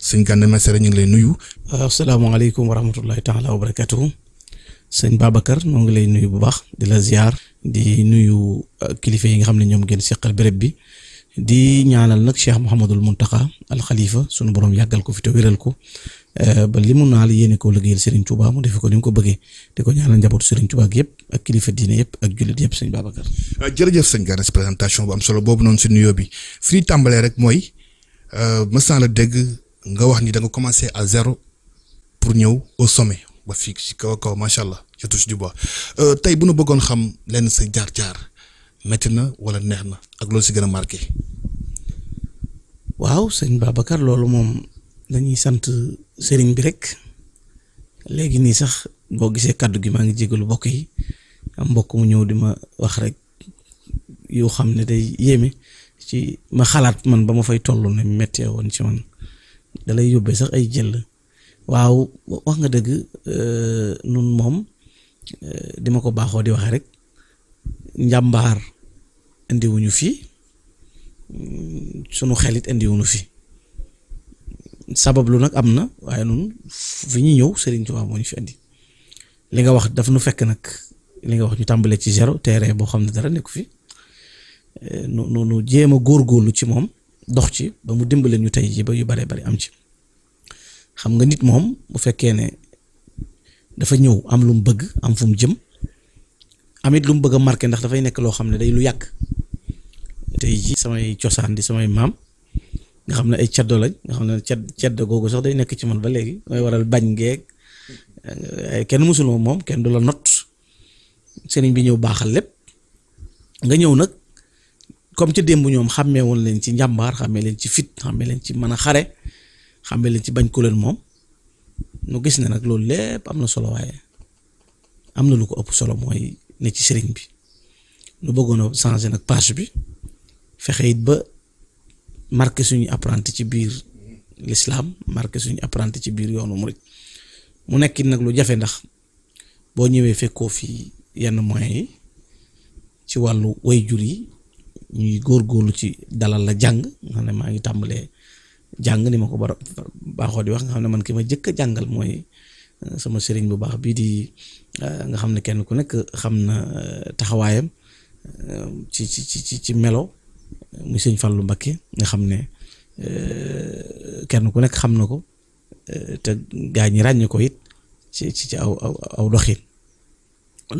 sëñ Gana Messere ñu ngi lay nuyu. waaw euh, salaamaaleykum wa rahmatullahi taala wa barakatuhu sëñ Babacar moo ngi lay nuyu bu baax di la ziar. di nuyu euh, kilifa yi nga xam ne ñoom ngeen seqal béréb bi di ñaanal nag Cheikh Mouhamadul Mountakha al alxalifa sunu borom yàggal ko fi te wéral ko euh, ba li mu naal yéene koo liggéeyal Serigne Touba mu defe ko ni mu ko bëggee di ko ñaanal njabootu Serigne Touba ak yëpp ak kilifa diine yëpp ak jullit yëpp sëñ Babacar. jërëjëf sëñ Gana présentation bu am solo boobu noonu bi fi tàmbalee rek mooy mës naa nga wax ni da nga commencé à zéro pour ñëw au some ba fii si kaw kaw macha allah je touche du bois euh, tey bu nu bëggoon xam lenn sa jaar-jaar métti na wala neex na ak loolu si gën a marke waaw sëñ Babacar loolu moom dañuy sant sëriñ bi rek léegi nii sax boo gisee kàddu gi maa ngi jégalu mbokk yi mbokk mu ñëw di ma wax rek yoo xam ne day yéeme ci ma xalaat man ba ma fay toll ne mettee woon ci man. dalay yóbbee sax ay jël waaw wax nga dëgg euh, nun moom euh, di ma ko baaxoo di waxee rek njàmbaar indiwuñu fi sunu xelit indiwuñu fi sabablu nag am na waaye nun fi ñu ñëw Serigne Touba moo ñu fi indi li nga wax daf nu fekk nag li nga wax ñu tàmbalee ci zéro terrain boo xam ne dara nekku fi euh, nu nu nu jéem a góorlu ci moom dox ci ba mu dimbale ñu tey ji ba yu bare bari am ci xam nga nit moom bu fekkee ne dafa ñëw am lu mu bëgg am fu mu jëm amit lu mu bëgg a marqué ndax dafay nekk loo xam ne day lu yàgg tey ji samay cosaan di samay maam nga xam ne ay caddo lañ nga xam ne cedd cedd googu sax day nekk ci man ba léegi mooy waral bañ geeg kenn musulma moom kenn du la not sëriñ bi ñëw baaxal lépp nga ñëw nag comme ci démb ñoom xàmmee woon leen ci njàmbaar xàmmee leen ci fit xàmmee leen ci man a xare xàmmee leen ci bañ ku leen moom nu gis na nag loolu lépp am na solo waaye am na lu ko ëpp solo mooy ne ci sëriñ bi lu bëggoon a changer nag page bi fexe it ba marqué suñu apprenti ci biir lislaam marqué suñu apprenti ci biir yoonu murit mu nekk nag lu jafe ndax boo ñëwee fekkoo fii yenn moyen yi ci wàllu way jur yi ñuy góorgóorlu ci dalal la jàng nga xam ne maa ngi tàmbalee jàng ni ma ko bar baaxoo di wax nga xam ne man ki ma jëkk a jàngal mooy uh, sama sëriñ bu baax bii di uh, nga xam ne kenn ku nekk xam na uh, taxawaayam ci ci ci melo muy sëñ Fallou Mbacké nga xam ne kenn ku nekk xam na ko te gaa ñi ràññee ko it ci ci ci aw aw aw doxin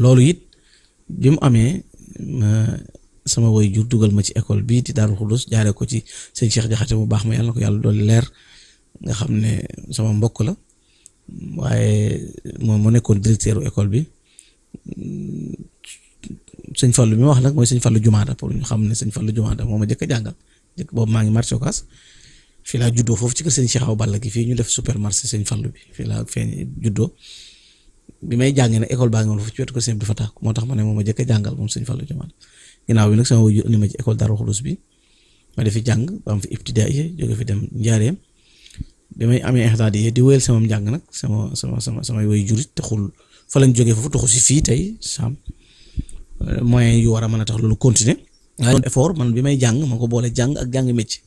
loolu it bi mu amee sama waajur dugal ma ci école bii di Daaru Xudus jaaree ko ci sëñ Cheikh Jaxate bu baax ma yàlla na ko yàlla dolli leer nga xam ne sama mbokk la waaye moom moo nekkoon directeur école bi sëñ Fallu bi ma wax nag mooy sëñ Fallu ñu xam ne sëñ Fallu Jumaada moo ma jëkk a jàngal jëkk boobu maa ngi marché Ocass fii laa juddoo foofu ci kër sëñ Cheikh fii ñu def supermarché sëñ Fallu bi fii bi may jàngee nag école baa ngi woon foofu ci wetu ko moo tax ma ne moo ma jëkk a jàngal moom sëñ Fallu Jumaada ginnaaw bi nag sama wajur indi ma ci école Darou Khoudoss bi ma defi jàng ba am fi ibtidaay jóge fi dem njaareem bi may amee ixdaadiya di wéyal sama njàng nag sama sama sama samay wajur taxul fa lañ jógee foofu si fii tey sam moyen yu war a mën a tax loolu continuer waaye effort man bi may jàng ma ko boole jàng ak jàng métier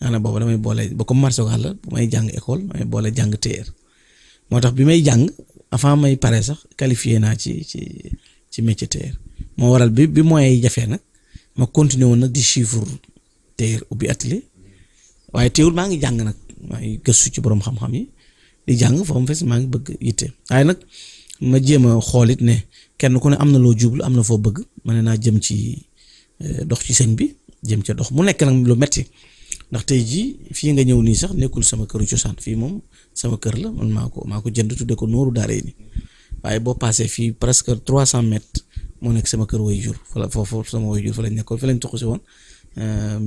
maanaam boobu damay boole ba comme marché la bu may jàng école boole jàng moo tax bi may jàng avant may pare sax qualifié naa ci ci ci métier moo waral bi bi moyens yi jafee nag ma continuer woon nag di suivre téer ubbi atelier waaye teewul maa ngi jàng nag maa ngi gëstu ci boroom xam-xam yi di jàng foofu mu fees maa ngi bëgg yitte waaye nag ma jéem a xool it ne kenn ku ne am na loo jublu am na foo bëgg ma ne naa jëm ci euh, dox ci seen bi jëm ca dox mu nekk nag lu metti ndax te jii fii nga ñëw nii sax nekkul sama këru cosaan fii moom sama kër la man maa ko maa ko jënd tudde ko nooru daaree ni waaye boo moo nekk sama kër way jur fa la foofu sama way jur fa lañ nekkoon fa lañ tuxu si woon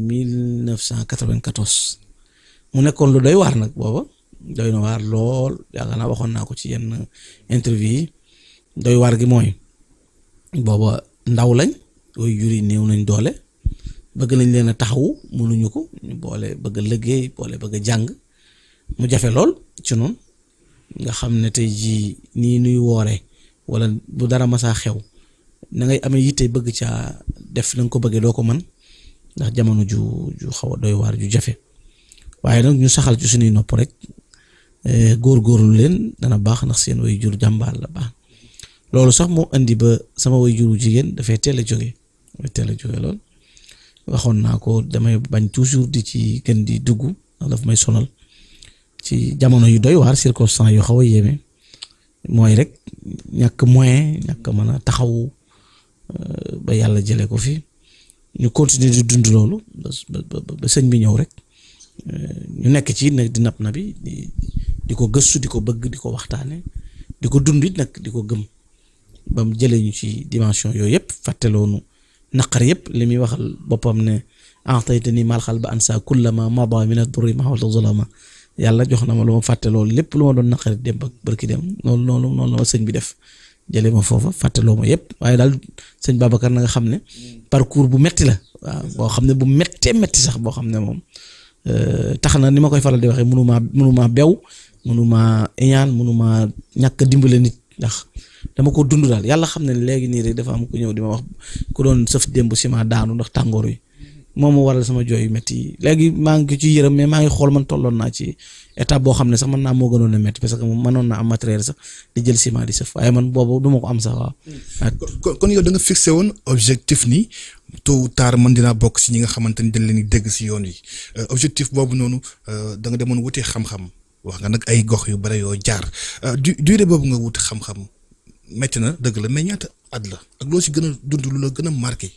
1994 euh, mu nekkoon lu doy waar nag booba doy na waar lool yaakaar naa waxoon naa ko ci yenn interview yi doy waar gi mooy booba ndaw lañ way jur yi néew nañ doole bëgg nañ leen a taxawu mënuñu ko ñu boole bëgg a liggéey boole bëgg jàng mu jafe lool ci noonu nga xam ne tey jii nii nuy woore wala bu dara masaa xew na ngay amee yitte bëgg caa def na ko bëggee doo ko man ndax jamono ju ju xaw a doy ju jafe waaye nag ñu saxal ci suñuy nopp rek góor e, góorgóorlu leen dana baax ndax seen way jur jàmbaar la baax loolu sax moo indi ba sama way juru jigéen dafay teel a jóge teel a jóge lool waxoon naa ko damay bañ toujours di ci kenn di dugg ndax daf may sonal ci jamono yu doy waar circonstance yu xaw a yéeme mooy rek ñàkk moyen ñàkk mën a taxaw Euh, ba yàlla jëlee ko fii ñu continuer di dund loolu ba sëñ bi ñëw rek euh, ñu nekk ci nag di nap na bi di ko gëstu di ko bëgg di ko waxtaane di ko dund it nag di ko gëm ba mu jëlee ñu ci dimension yooyu yëpp fàtteloonu naqar yëpp li muy waxal boppam ne a'taytani mal xal ba ansa kullama mada min ad-durri ma hawaltu zulama yàlla jox na ma lu ma fàtte loolu lépp lu ma doon naqari dem ba barki dem loolu noonu noonu la ma sëñ bi def jële ma foofa fàttaloo ma yëpp waaye daal sëñ Babacar na nga xam ne par parcours bu metti la waaw boo xam ne bu mettee metti sax boo xam ne moom euh, tax na ni ma koy faral di waxee munu maa munu bew munu maa iñaan munu maa ñàkk dimbale nit ndax dama ko dund daal yàlla xam ne léegi nii rek dafa am ku ñëw di ma wax ku doon sëf démb ciment daanu ndax tàngoor yi moom moo waral sama jooy yu métti léegi maa ngi ci yërëm mais maa ngi xool man tolloon naa ci état boo xam ne sax man naa moo gënoon a métti parce que moom mënoon naa am matériel sax di jël ciment di sëf waaye man boobu du ma ko am sax waaw. Hmm. kon yow da nga fixé woon objectif ni tôt ou tard man dinaa bokk si ñi nga xamante ni dañ leen di dégg si yoon yi euh, objectif boobu noonu euh, da nga demoon wutee xam-xam wax nga nag ay gox yu bare yoo jaar euh, du durée boobu nga wut xam-xam métti na dëgg la mais ñaata at la ak loo si gën a dund lu la gën a marqué.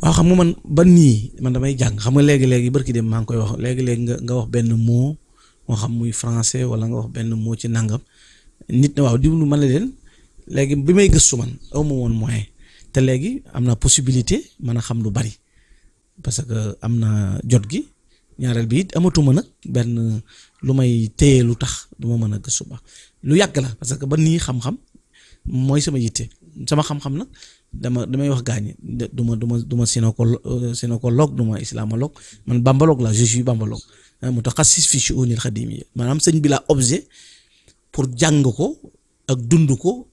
waaw xam nga man ba nii man damay jàng xam nga léegi-léegi barki dem maa ngi koy wax léegi-léegi nga nga wax benn moo moo xam muy français wala nga wax benn moo ci nangam nit waaw diwlu man la leen léegi bi may gëstu man aw woon moyen te léegi am na possibilité mën a xam lu bari parce que am na jot gi ñaareel bi it amatuma nag benn lu may téye lu tax du ma mën a gëstu ba lu yàgg la parce que ba nii xam-xam mooy sama yitte sama xam-xam nag dama damay wax gaañ du ma du ma du ma sénécolo euh, sénécologue du ma islamologue man bambalogue la je suis bambalogue ah, mu taxassis fi shu'unil xadimiyya maanaam sëñ bi laa objet pour jàng ko ak dund ko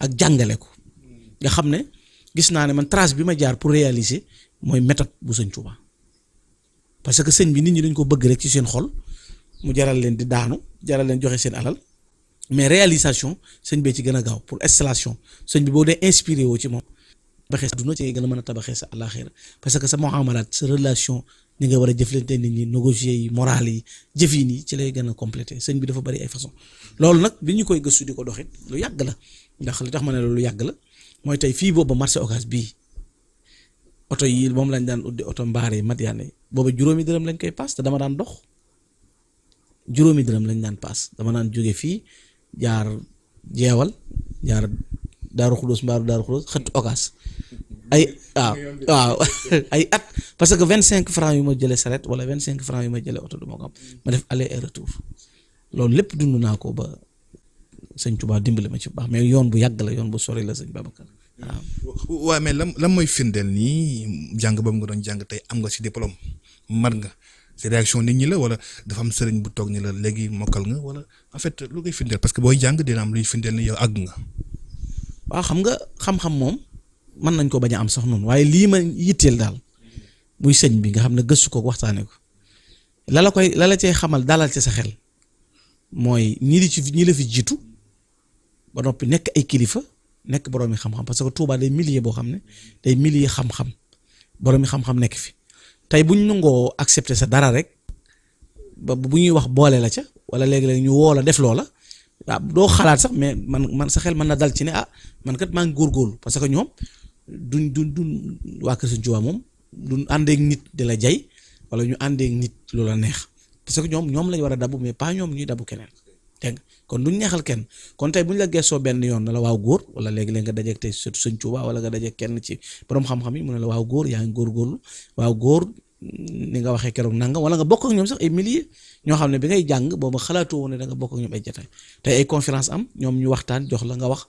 ak jàngale ko nga xam ne gis naa ne man trace bi ma jaar pour réaliser mooy méthode bu sëñ Tuubaa parce que sëñ bi nit ñi dañ ko bëgg rek ci seen xol mu jaral leen di daanu jaral leen joxe seen alal mais réalisation sëñ bee ci gën a gaaw pour installation sëñ bi boo dee inspiré woo ci moom. tabaxee sa duna ci gën a mën a tabaxee sa àllaaxira parce que sa muamalat sa relation ni nga war a jëflante nit ñi négocier yi moral yi jëf yi ci lay gën a complété sëñ bi dafa bari ay façon loolu nag bi ñu koy gëstu di ko doxit lu yàgg la ndax li tax ma ne loolu yàgg la mooy tey fii boobu marché occas bii oto yi moom lañ daan uddi oto mbaar yi mat yaane booba juróomi dërëm lañ koy paas te dama daan dox juróomi dërëm lañ daan paas dama daan jóge fii jaar jeewal jaar ay waaw waaw ay at ah, parce que vingt cinq francs yu ma jëlee saret wala vingt cinq franc yu ma jëlee oto du ma ko am ma def aller et loolu lépp dund naa ko ba sëñ Tuubaa dimbali ma ci bu baax mais yoon bu yàgg la yoon bu sori la sañ sëñ Babacar waaw. waaw mais lan lan mooy firndeel nii jàng boobu nga doon jàng am nga si diplôme mar nga si réaction nit ñi la wala dafa am sëriñ bu toog ni la léegi mokkal nga wala en fait lu koy firndeel parce que booy jàng dina am luy firndeel ni yow àgg nga. waaw xam nga xam-xam moom. mën nañ ko bañ a am sax noonu waaye lii ma yitteel daal muy sëñ bi nga xam ne gëstu ko waxtaanee ko la la koy la la cay xamal dalal ci sa xel mooy ñi di ñi la fi jiitu ba noppi nekk ay kilifa nekk boroomi xam-xam parce que Touba day millier boo xam ne day millier xam-xam boroomi xam-xam nekk fi tey bu ñu nangoo accepter sa dara rek ba bu ñuy wax boole la ca wala léegi-léegi ñu woo la def loola. waaw doo xalaat sax mais man man sa xel mën na dal ci ne ah man kat maa ngi góorgóorlu parce que ñoom duñ duñ duñ waa Kër Sëñ moom du àndeek nit di la jay wala ñu àndeek nit lu la neex parce ñoom ñoom lañ war a dabu mais pas ñoom ñuy dabu keneen dégg nga kon duñ neexal kenn kon tey buñ la geesoo benn yoon na la waaw góor wala léegi-léegi nga dajeeg tey surtout Sëñ Tuubaa wala nga dajeeg kenn ci borom xam-xam yi mu ne la waaw góor yaa ngi góorgóorlu waaw góor ni nga waxee keroog nanga wala nga bokk ak ñoom sax ay milliers ñoo xam ne bi ngay jàng booba xalaatoo woon ne da nga bokk ak ñoom ay jataay tey ay conférence am ñoom ñu waxtaan jox la nga wax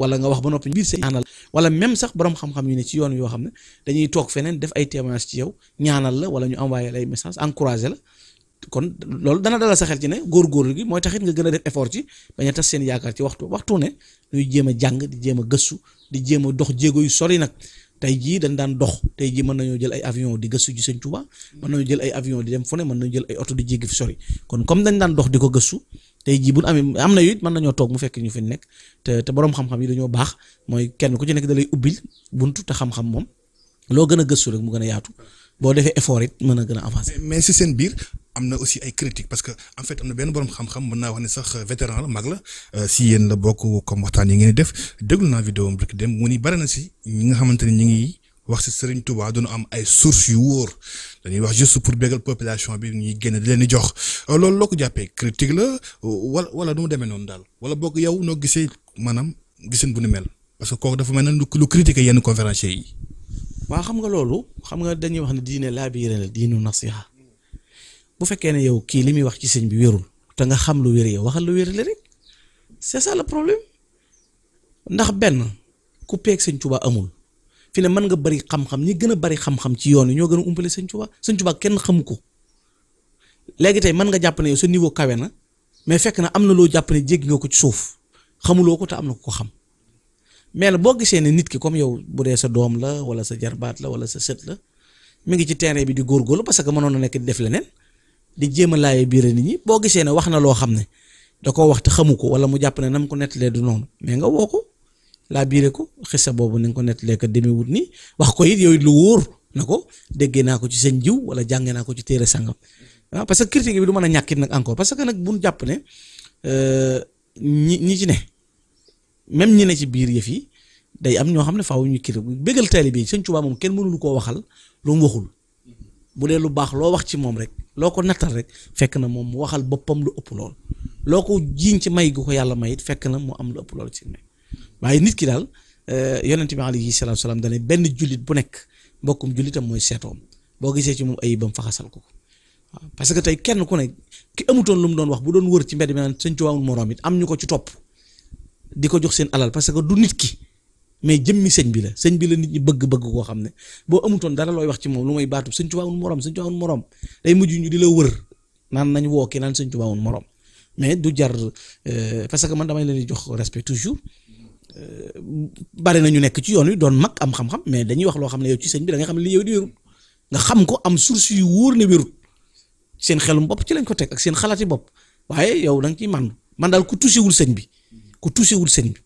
wala nga wax ba noppi biir sa ñaanal wala même sax borom xam yu ne ci yoon yoo xam ne dañuy toog feneen def ay témoignage ci yow ñaanal la wala ñu envoyé lay message encouragé la kon loolu dana dalal sa xel ci ne góorgóorlu gi mooy taxit nga gën a def effort ci bañ a seen yaakaar ci waxtu waxtu ne ñuy jéem a jàng di jéem a gëstu di jéem a dox jéego yu sori nag tey jii dañ daan dox tey jii mën nañoo jël ay avion di gëstu ji sëñ Touba mën nañoo jël ay avion di dem fu ne mën nañoo jël ay oto di jéggi fi sori kon comme dañ daan dox di ko gëstu tey jii bu amee am na it mën nañoo toog mu fekk ñu fi nekk te te borom xam-xam yi dañoo baax mooy kenn ku ci nekk da lay ubbil buntu te xam-xam moom loo gën a gëstu rek mu gën a yaatu boo defee effort it mën a gën a avancer. mais si seen biir am na aussi ay critiques parce que en fait am na benn borom xam-xam mën naa wax ne sax euh, vétéran la mag la euh, si yéen la bokk comme waxtaan yi ngeen def déglu naa vidéo am dem mu ni bari na si ñi nga xamante ne ñu ngi wax si Serigne tubaa doon am ay source yu wóor dañuy wax juste pour bégal population bi ñuy génn di leen di jox euh, loolu loo ko jàppee critique la wala wala nu mu demee noonu daal wala boog yow noo gisee maanaam giseen bu ni mel parce que kooku dafa mel na lu critiquer yenn yi. waaw xam nga loolu xam nga dañuy wax ne diine laa biire la diinu nasiha bu fekkee ne yow kii li muy wax ci sëñ bi wérul te nga xam lu wér yow waxal lu wér la rek c'est ça le problème ndax benn ku peeg sëñ Tuubaa amul fi ne mën nga bari xam-xam ñi gën a bari xam-xam ci yoon wi ñoo gën a umpale sëñ Tuubaa sëñ Tuubaa kenn xamu ko léegi tey mën nga jàpp ne yow sa niveau kawe na mais fekk na am na loo jàpp ne nga ko ci suuf xamuloo ko am na ko ko xam mais la boo gisee ne nit ki comme yow bu dee sa doom la wala sa jarbaat la wala sa set la mi ngi ci terrain bi di góorgóorlu parce que mënoon na nekk di def leneen di jéem a laayee biir nit ñi boo gisee ne wax na loo xam ne da koo wax te xamu ko wala mu jàpp ne na mu ko nettalee du noonu mais nga woo ko laa biire ko xisa boobu ni ko nettalee kat demee wut nii wax ko it yooyu lu wóor na ko déggee naa ko ci seen jiw wala jàngee naa ko ci téere sangam ah parce que critique bi du mën a ñàkkit nag encore parce que nag bu ñu jàpp ne euh, ñi ñi ci ne même ñi ne ci biir yëf yi day am ñoo xam ne faw ñu kii bëggal taalibe bi Sëñ Tuubaa moom kenn mënul koo waxal lu waxul. bu dee lu baax loo wax ci moom rek loo ko nattal rek fekk na moom mu waxal boppam lu ëpp lool loo ko jiiñ ci may gu ko yàlla may it fekk na mu am lu ëpp lool ci may waaye nit ki daal euh, yonent bi alayhi salaatu salaam dane benn jullit bu nekk mbokkum jullitam mooy seetoom boo gisee ci moom ayibam faxasal ko waaw parce que tey kenn ku nekk ki amutoon lu mu doon wax bu doon wër ci mbedd bi naan sëñ Tuubaa amul moroom it am ñu ko ci topp di ko jox seen alal parce que du nit ki. mais jëmmi sëñ bi la sëñ bi la nit ñi bëgg-bëgg koo xam ne boo amutoon dara looy wax ci moom lu may baatu sëñ Tuubaa amul morom sëñ Tuubaa amul morom day mujj ñu di la wër naan nañ woo kii naan sëñ Tuubaa amul morom mais du jar euh, parce que man damay leen di jox respect toujours euh, bari na ñu nekk ci yoon wi doon mag am xam-xam mais dañuy wax loo xam ne yow ci sëñ bi da nga xam ne li yow di wérut nga xam ko am source yu wóor ne wérut seen xelum bopp ci lañ ko teg ak seen xalaati bopp waaye yow da ciy man man daal ku wul sëñ bi ku touché wul sëñ bi.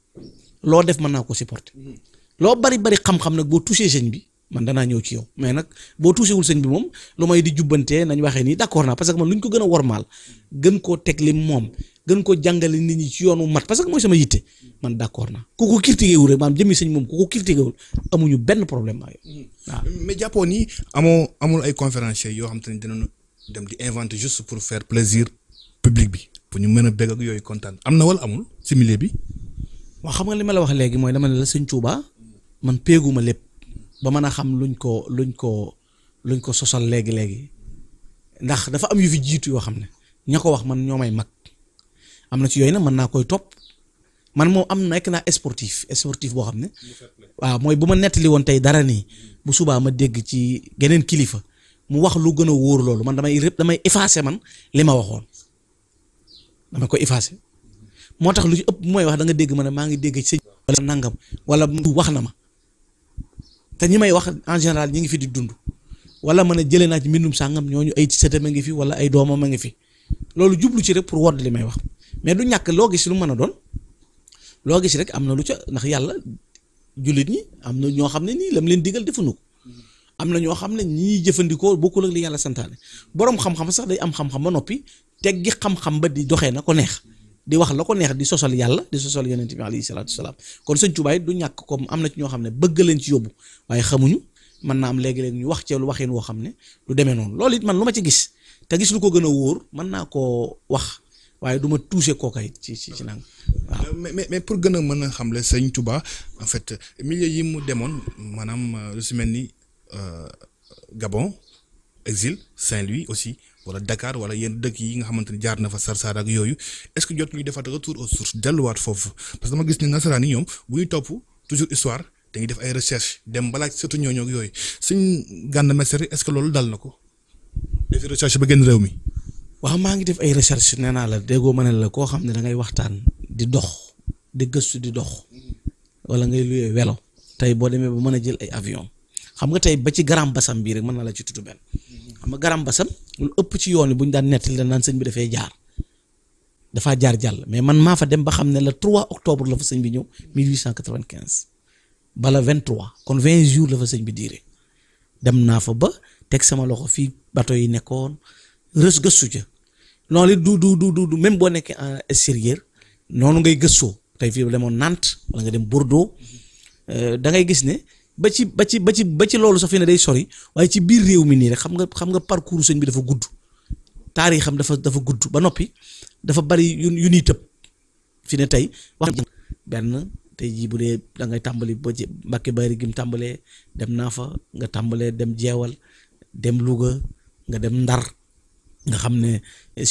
loo def mën naa ko supporter mm-hmm. loo bari bari xam-xam nag boo touché sëñ bi man danaa ñëw ci yow mais nag boo touché wul sëñ bi moom lu may di jubbantee nañ waxee nii d'accord naa parce que man lu ñu ko gën a wormaal gën koo teg lim moom gën ko jàngale nit ñi ci yoonu mat parce que mooy sama yitte man d'accord naa ku ko critiqué wul rek maanaam jëmmi sëñ moom ku ko critiqué amuñu benn problème ak yow mm-hmm. mais jàppoon ni amoo amul ay conférenciers yoo xam te ne dinañu dem di inventer juste pour faire plaisir public bi pour ñu mën a bég ak yooyu kontaan am na wala amul ci bi. waaw xam nga li ma la wax léegi mooy dama ne la sëñ Tuuba man péeguma lépp ba mën a xam luñ ko luñ ko luñ ko sosal léegi-léegi ndax dafa am yu fi jiitu yoo xam ne ña ko wax man ñoo may mag am na ci yooyu nag mën naa koy topp man moom am nekk naa sportif sportif boo xam ne waaw mooy bu ma nettali woon tey dara nii bu subaa ma dégg ci geneen kilifa mu wax lu gën a wóor loolu man damay rëpp damay effacé man li ma waxoon dama ko effacé moo tax lu ci ëpp mooy wax danga dégg ma ne maa ngi dégg ci sëñ wala nangam wala wax na ma te ñi may wax en général ñi ngi fi di dund wala mën a jëlee naa ci mbindum sàngam ñooñu ay ci sëtam a ngi fi wala ay doomam a ngi fi loolu jublu ci rek pour wodd li may wax mais du ñàkk loo gis lu mën a doon loo gis rek am na lu ca ndax yàlla jullit ñi am na ñoo xam ne nii lam leen digal defuñu ko am na ñoo xam ne ñii jëfandikoo bokkul ak li yàlla santaane boroom xam sax day am xam ba noppi teggi xam-xam ba di doxee na ko neex di wax la ko neex di sosol yàlla di sosal yonent bi alayhi salaatu wasalaam kon sëñ Tuubaa du ñàkk comme am na ci ñoo xam ne bëgg leen ci yóbbu waaye xamuñu mën naa am léegi-léeg ñu wax lu ceelu waxin woo xam ne lu demee noonu loolu it man lu ma ci gis te gis lu ko gën a wóor mën naa koo wax waaye duma ma kooka it ci ci ci nang waaw euh, mais mais pour gën a mën a xam le sëñ en fait milieu yi mu demoon maanaam lu si mel ni euh, Gabon exil Saint-Louis aussi wala Dakar wala yenn dëkk yi nga xamante ni jaar na fa Sarsara ak yooyu est-ce que jot ñu defaat retour aux sources delluwaat foofu parce que dama gis ne nasaraan yi ñoom bu ñu topp toujours histoire dañuy def ay recherche dem balaa surtout ñooñu ak yooyu suñ Gana Messere est-ce que loolu dal na ko def recherche ba génn réew mi. waaw maa ngi def ay recherche nee naa la déggoo ma ne la koo xam ne da ngay waxtaan di dox di gëstu di dox wala ngay luyee welo tey boo demee ba mën a jël ay avion xam nga tey ba ci xam nga garam basam lu ëpp ci yoon yi bu ñu daan nettali dañ naan sëñ bi dafay jaar dafaa jaar jàll mais man maa fa dem ba xam ne la trois octobre la fa sëñ bi ñëw 1895 bala 23 kon 20 jours la fa sëñ bi diire dem naa fa ba teg sama loxo fii bato yi nekkoon rës gëstu ca loolu du du du du même boo nekkee en extérieur noonu ngay gëstoo tey fii demoon Nantes wala nga dem Bordeaux euh, da gis ne. ba ci ba ci ba ci ba ci loolu sax fi ne day sori waaye ci biir réew mi nii rek xam nga xam nga parcours sëñ bi dafa gudd xam dafa dafa gudd ba noppi dafa bari yu yu nii tëb fi ne tey wax benn tey jii bu dee da ngay tàmbali ba ci Mbàkke Bari gi tàmbalee dem naa fa nga tàmbalee dem jeewal dem Louga nga dem Ndar nga xam ne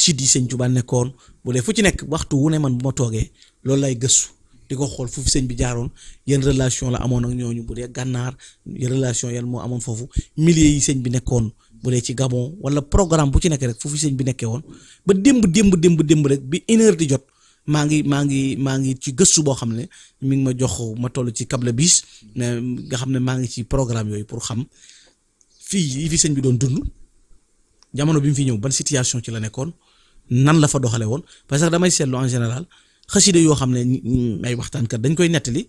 site yi sëñ jubaa nekkoon bu dee fu ci nekk waxtu wu ne man bu ma toogee loolu lay gëstu di ko xool foofu sëñ bi jaaroon yan relation la amoon ak ñooñu bu dee gànnaar relation yan moo amoon foofu millier yi sëñ bi nekkoon bu dee ci Gabon wala programme bu ci nekkee rek foofu sëñ bi nekkee woon ba démb démb démb démb rek bi une di jot maa ngi maa ngi maa ngi ci gëstu boo xam ne mi ngi ma jox ma toll ci câble bis nga xam ne maa ngi ci programme yooyu pour xam fii yi fi sëñ bi doon dund jamono bi mu fi ñëw ban situation ci la nekkoon nan la fa doxale woon parce que damay seetlu général xasida yoo xam ne ay waxtaankat dañ koy nettali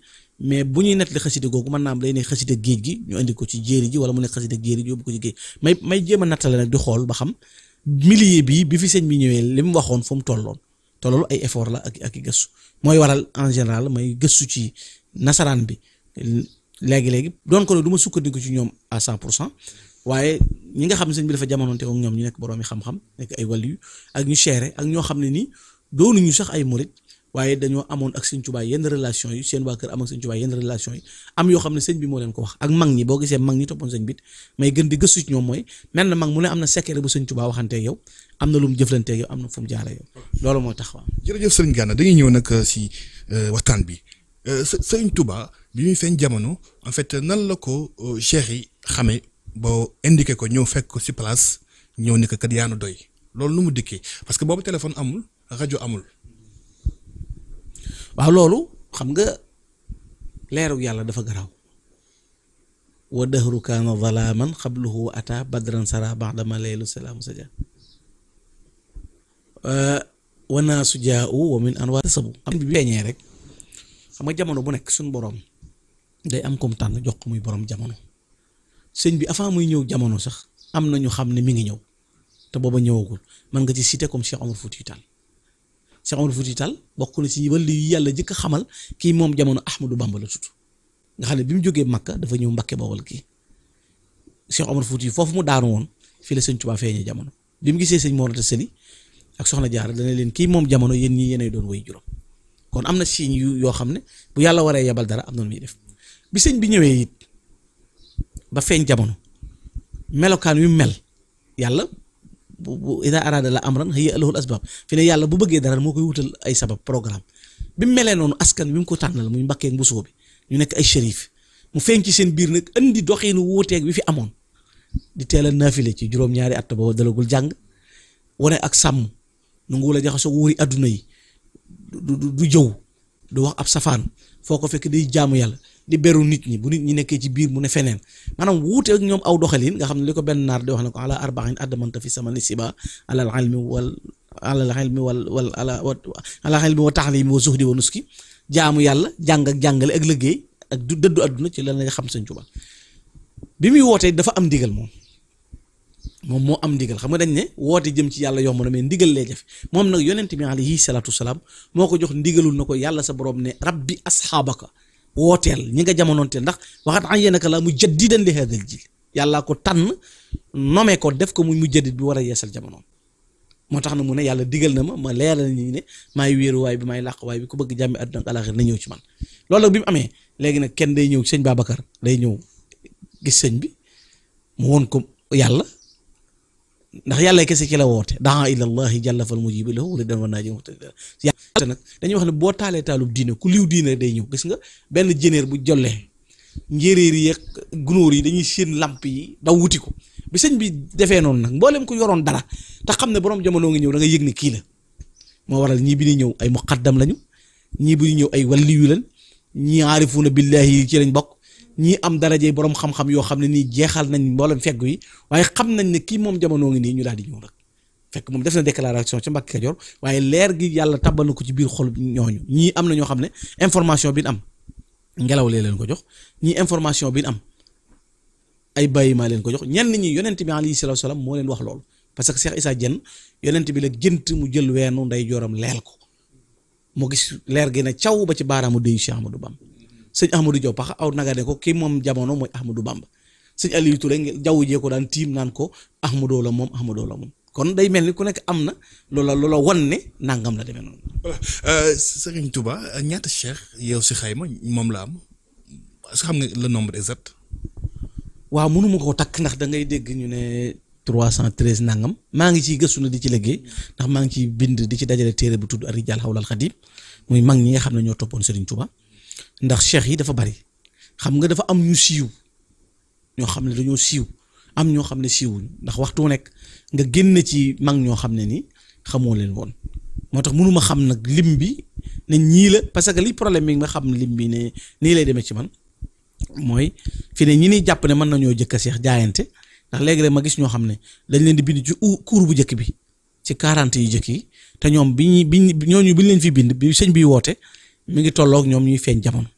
mais bu ñuy nettali xasida googu man naa am day ne xasida géej gi ñu indi ko ci jéeri ji wala mu ne xasida géeri ji yóbbu ko ci géej may may jéem a nattale nag di xool ba xam millier bi bi fi sëñ bi ñëwee li mu waxoon fu mu tolloon te loolu ay effort la ak ak gëstu mooy waral en général may gëstu ci nasaraan bi léegi-léegi doon ko ne du ma sukkandiku ci ñoom à cent pour cent waaye ñi nga xam ne bi dafa jamonoonte ak ñoom ñu nekk boroomi xam-xam nekk ay waliyu ak ñu chéré ak ñoo xam ne nii doonuñu sax ay murit waaye dañoo amoon ak sëñ Tuubaa yenn relation yi seen waa kër am ak sëñ Tuubaa yenn relation yi am yoo xam ne sëñ bi moo leen ko wax ak mag ñi boo gisee mag ñi toppoon sëñ bit may gën di gëstu ci ñoom mooy mel na mag mu ne am na secret bu sëñ Tuubaa waxanteeg yow am na lu mu jëflanteeg am na fu mu jaaree yow tax waaw. jërëjëf sëriñ Gana dañuy ñëw nag euh, si euh, waxtaan bi euh, sëriñ Tuubaa bi muy feeñ jamono en fait nan la ko cheikh yi boo indiqué ko ñëw fekk ko si place ñëw ne kat yaa nu doy loolu nu mu dikkee parce que boobu téléphone amul rajo amul waaw loolu xam nga leeru yàlla dafa garaaw wa dahru kaana zalaaman xabluhu wa ata badran sara baxdama leylu salaamu saja wanaasu jaa u wa min anwaar sabu am bi beeñee rek xam nga jamono bu nekk suñ boroom day am comme tànn jox ko muy boroom jamono sëñ bi avant muy ñëw jamono sax am na ñu xam ne mi ngi ñëw te booba ñëwagul man nga ci cité comme Cheikh Omar Foutiyou Tall Cheikh Omar Fouti Tall bokk na ci wàllu yi yàlla njëkk xamal kii moom jamono Ahmadou Bamba la tudd nga xam ne bi mu jógee Makka dafa ñëw Mbakke Bawol kii Cheikh Omar Fouti foofu mu daanu woon fii la sëñ Tuubaa feeñee jamono bi mu gisee sëñ moo Anta Sali ak soxna Jaara dana leen kii moom jamono yéen ñi yéenay doon way juróom kon am na signe yoo xam ne bu yàlla waree yebal dara am na lu muy def bi sëñ bi ñëwee it ba feeñ jamono melokaan yu mel yàlla bu ida araada la am hayya lahu al asbab fi ne yàlla bu bëggee dara moo koy wutal ay sabab programme bi mu melee noonu askan bi mu ko tànnal mu mbàkkee mbusoo bi ñu nekk ay shérif mu feeñ seen biir nag indi woo wuuteeg bi fi amoon di teelal a naafile ci juróom-ñaari at booba dalagul jàng wane ak sàmm nanguwul a jaxasoo wóori àdduna yi du du jëw du wax ab safaan foo ko fekk day jaamu yàlla di beru nit ñi bu nit ñi nekkee ci biir mu ne feneen maanaam wuute ak ñoom aw doxalin nga xam ne li ko benn naar di wax ne ko ala arbaxin addamanta fi sama nisiba alal ilmi wal alal ilmi wal wal ala alal ilmi wa taxlimi wa zuhdi wa nuski jaamu yàlla jàng jàngale ak liggéey ak du dëddu àdduna ci la nga xam Sëñ Tuubaa bi muy wootee dafa am ndigal moom moo am ndigal xam nga dañ ne woote jëm ci yàlla yomb na mais ndigal lay jafe moom nag yonent bi alayhi salaatu salaam moo ko jox ndigalul na ko yàlla sa boroom ne rabbi asxaabaka wooteel ñi nga jamonoonteel ndax waxat an yéen aka la mu jaddidan li haadal ji yàlla ko tànn nome ko def ko muy mu jëddit bi war a yeesal jamonoom moo tax na mu ne yàlla digal na ma ma leeral ñu ne maay wéeruwaay bi maay waay bi ku bëgg jàmmi àdduna ak àlaxir na ñëw ci man loolu nag bi mu amee léegi nag kenn day ñëw sëñ Babacar day ñëw gis sëñ bi mu won ko yàlla ndax yàlla kese ci la woote daa ilallahi jàlla fal mujibi lahu wala te nag dañuy wax ne boo taalee taalub diine ku liw diine day ñëw gis nga benn jëneer bu jollee njéeréer yi gunóor yi dañuy seen làmp yi daw wuti ko bi sëñ bi defee noonu nag mbooleem ko yoroon dara te xam ne borom jamono ngi ñëw da nga yëg ne kii la moo waral ñii bi di ñëw ay muqaddam lañu ñii bi di ñëw ay walliyu lañ ñii aarifuuna billaahi yi ci lañ bokk ñii am daraje borom xam-xam yoo xam ne nii jeexal nañ mboolem feggu yi waaye xam nañ ne kii moom jamono nii ñu daal di ñëw fekk moom def na déclaration ca Mbàkke Kajoor waaye leer gi yàlla tabal na ko ci biir xol ñooñu ñii am na ñoo xam ne information bi ñu am ngelaw lee leen ko jox ñii information bi am ay bàyyi maa leen ko jox ñenn ñi yonent bi alayhi salaatu salaam moo leen wax loolu parce que Cheikh Issa Dieng yonent bi la gént mu jël weenu nday jooram leer ko mu gis leer gi ne caw ba ci baaraamu déyu Cheikh Ahmadou Bamba sëñ Ahmadou Diop pax aw nagade ko kii moom jamono mooy Ahmadou Bamba sëñ Aliou Touré jaww jee ko daan tiim naan ko Ahmadou la moom Ahmadou la moom. kon day mel ni ku nekk am na loola loola wan ne nangam la demee noonu. Euh, seriñ tuba ñaata cheikh yow si xayma moom la am su xam nga le nombre exact. waaw mënu ma takk ndax da ngay dégg ñu ne trois cent treize nangam maa ngi ciy gëstu di ci liggéey ndax maa ngi ciy bind di ci dajale téere bu tudd Ar-Rijaal Hawlal Xadiim mag ñi nga xam ne ñoo toppoon Serigne Touba ndax cheikh yi dafa bari xam nga dafa am ñu siiw ñoo xam ne dañoo siiw am ñoo xam ne siiwuñ ndax waxtu nekk. nga génn ci mag ñoo xam ne ni xamoo leen woon moo tax mënuma xam nag lim bi ne ñii la parce que li problème bi nga xam lim bi ne nii lay demee ci man mooy fi ne ñi ni jàpp ne mën nañoo jëkk seex jaayante ndax léegi rek ma gis ñoo xam ne dañ leen di bind ci cours bu njëkk bi ci quarante yu jëkk yi te ñoom bi ñuy bi ñooñu bi ñu leen fi bind bi sëñ bi woote mu ngi tolloog ñoom ñuy feeñ jamono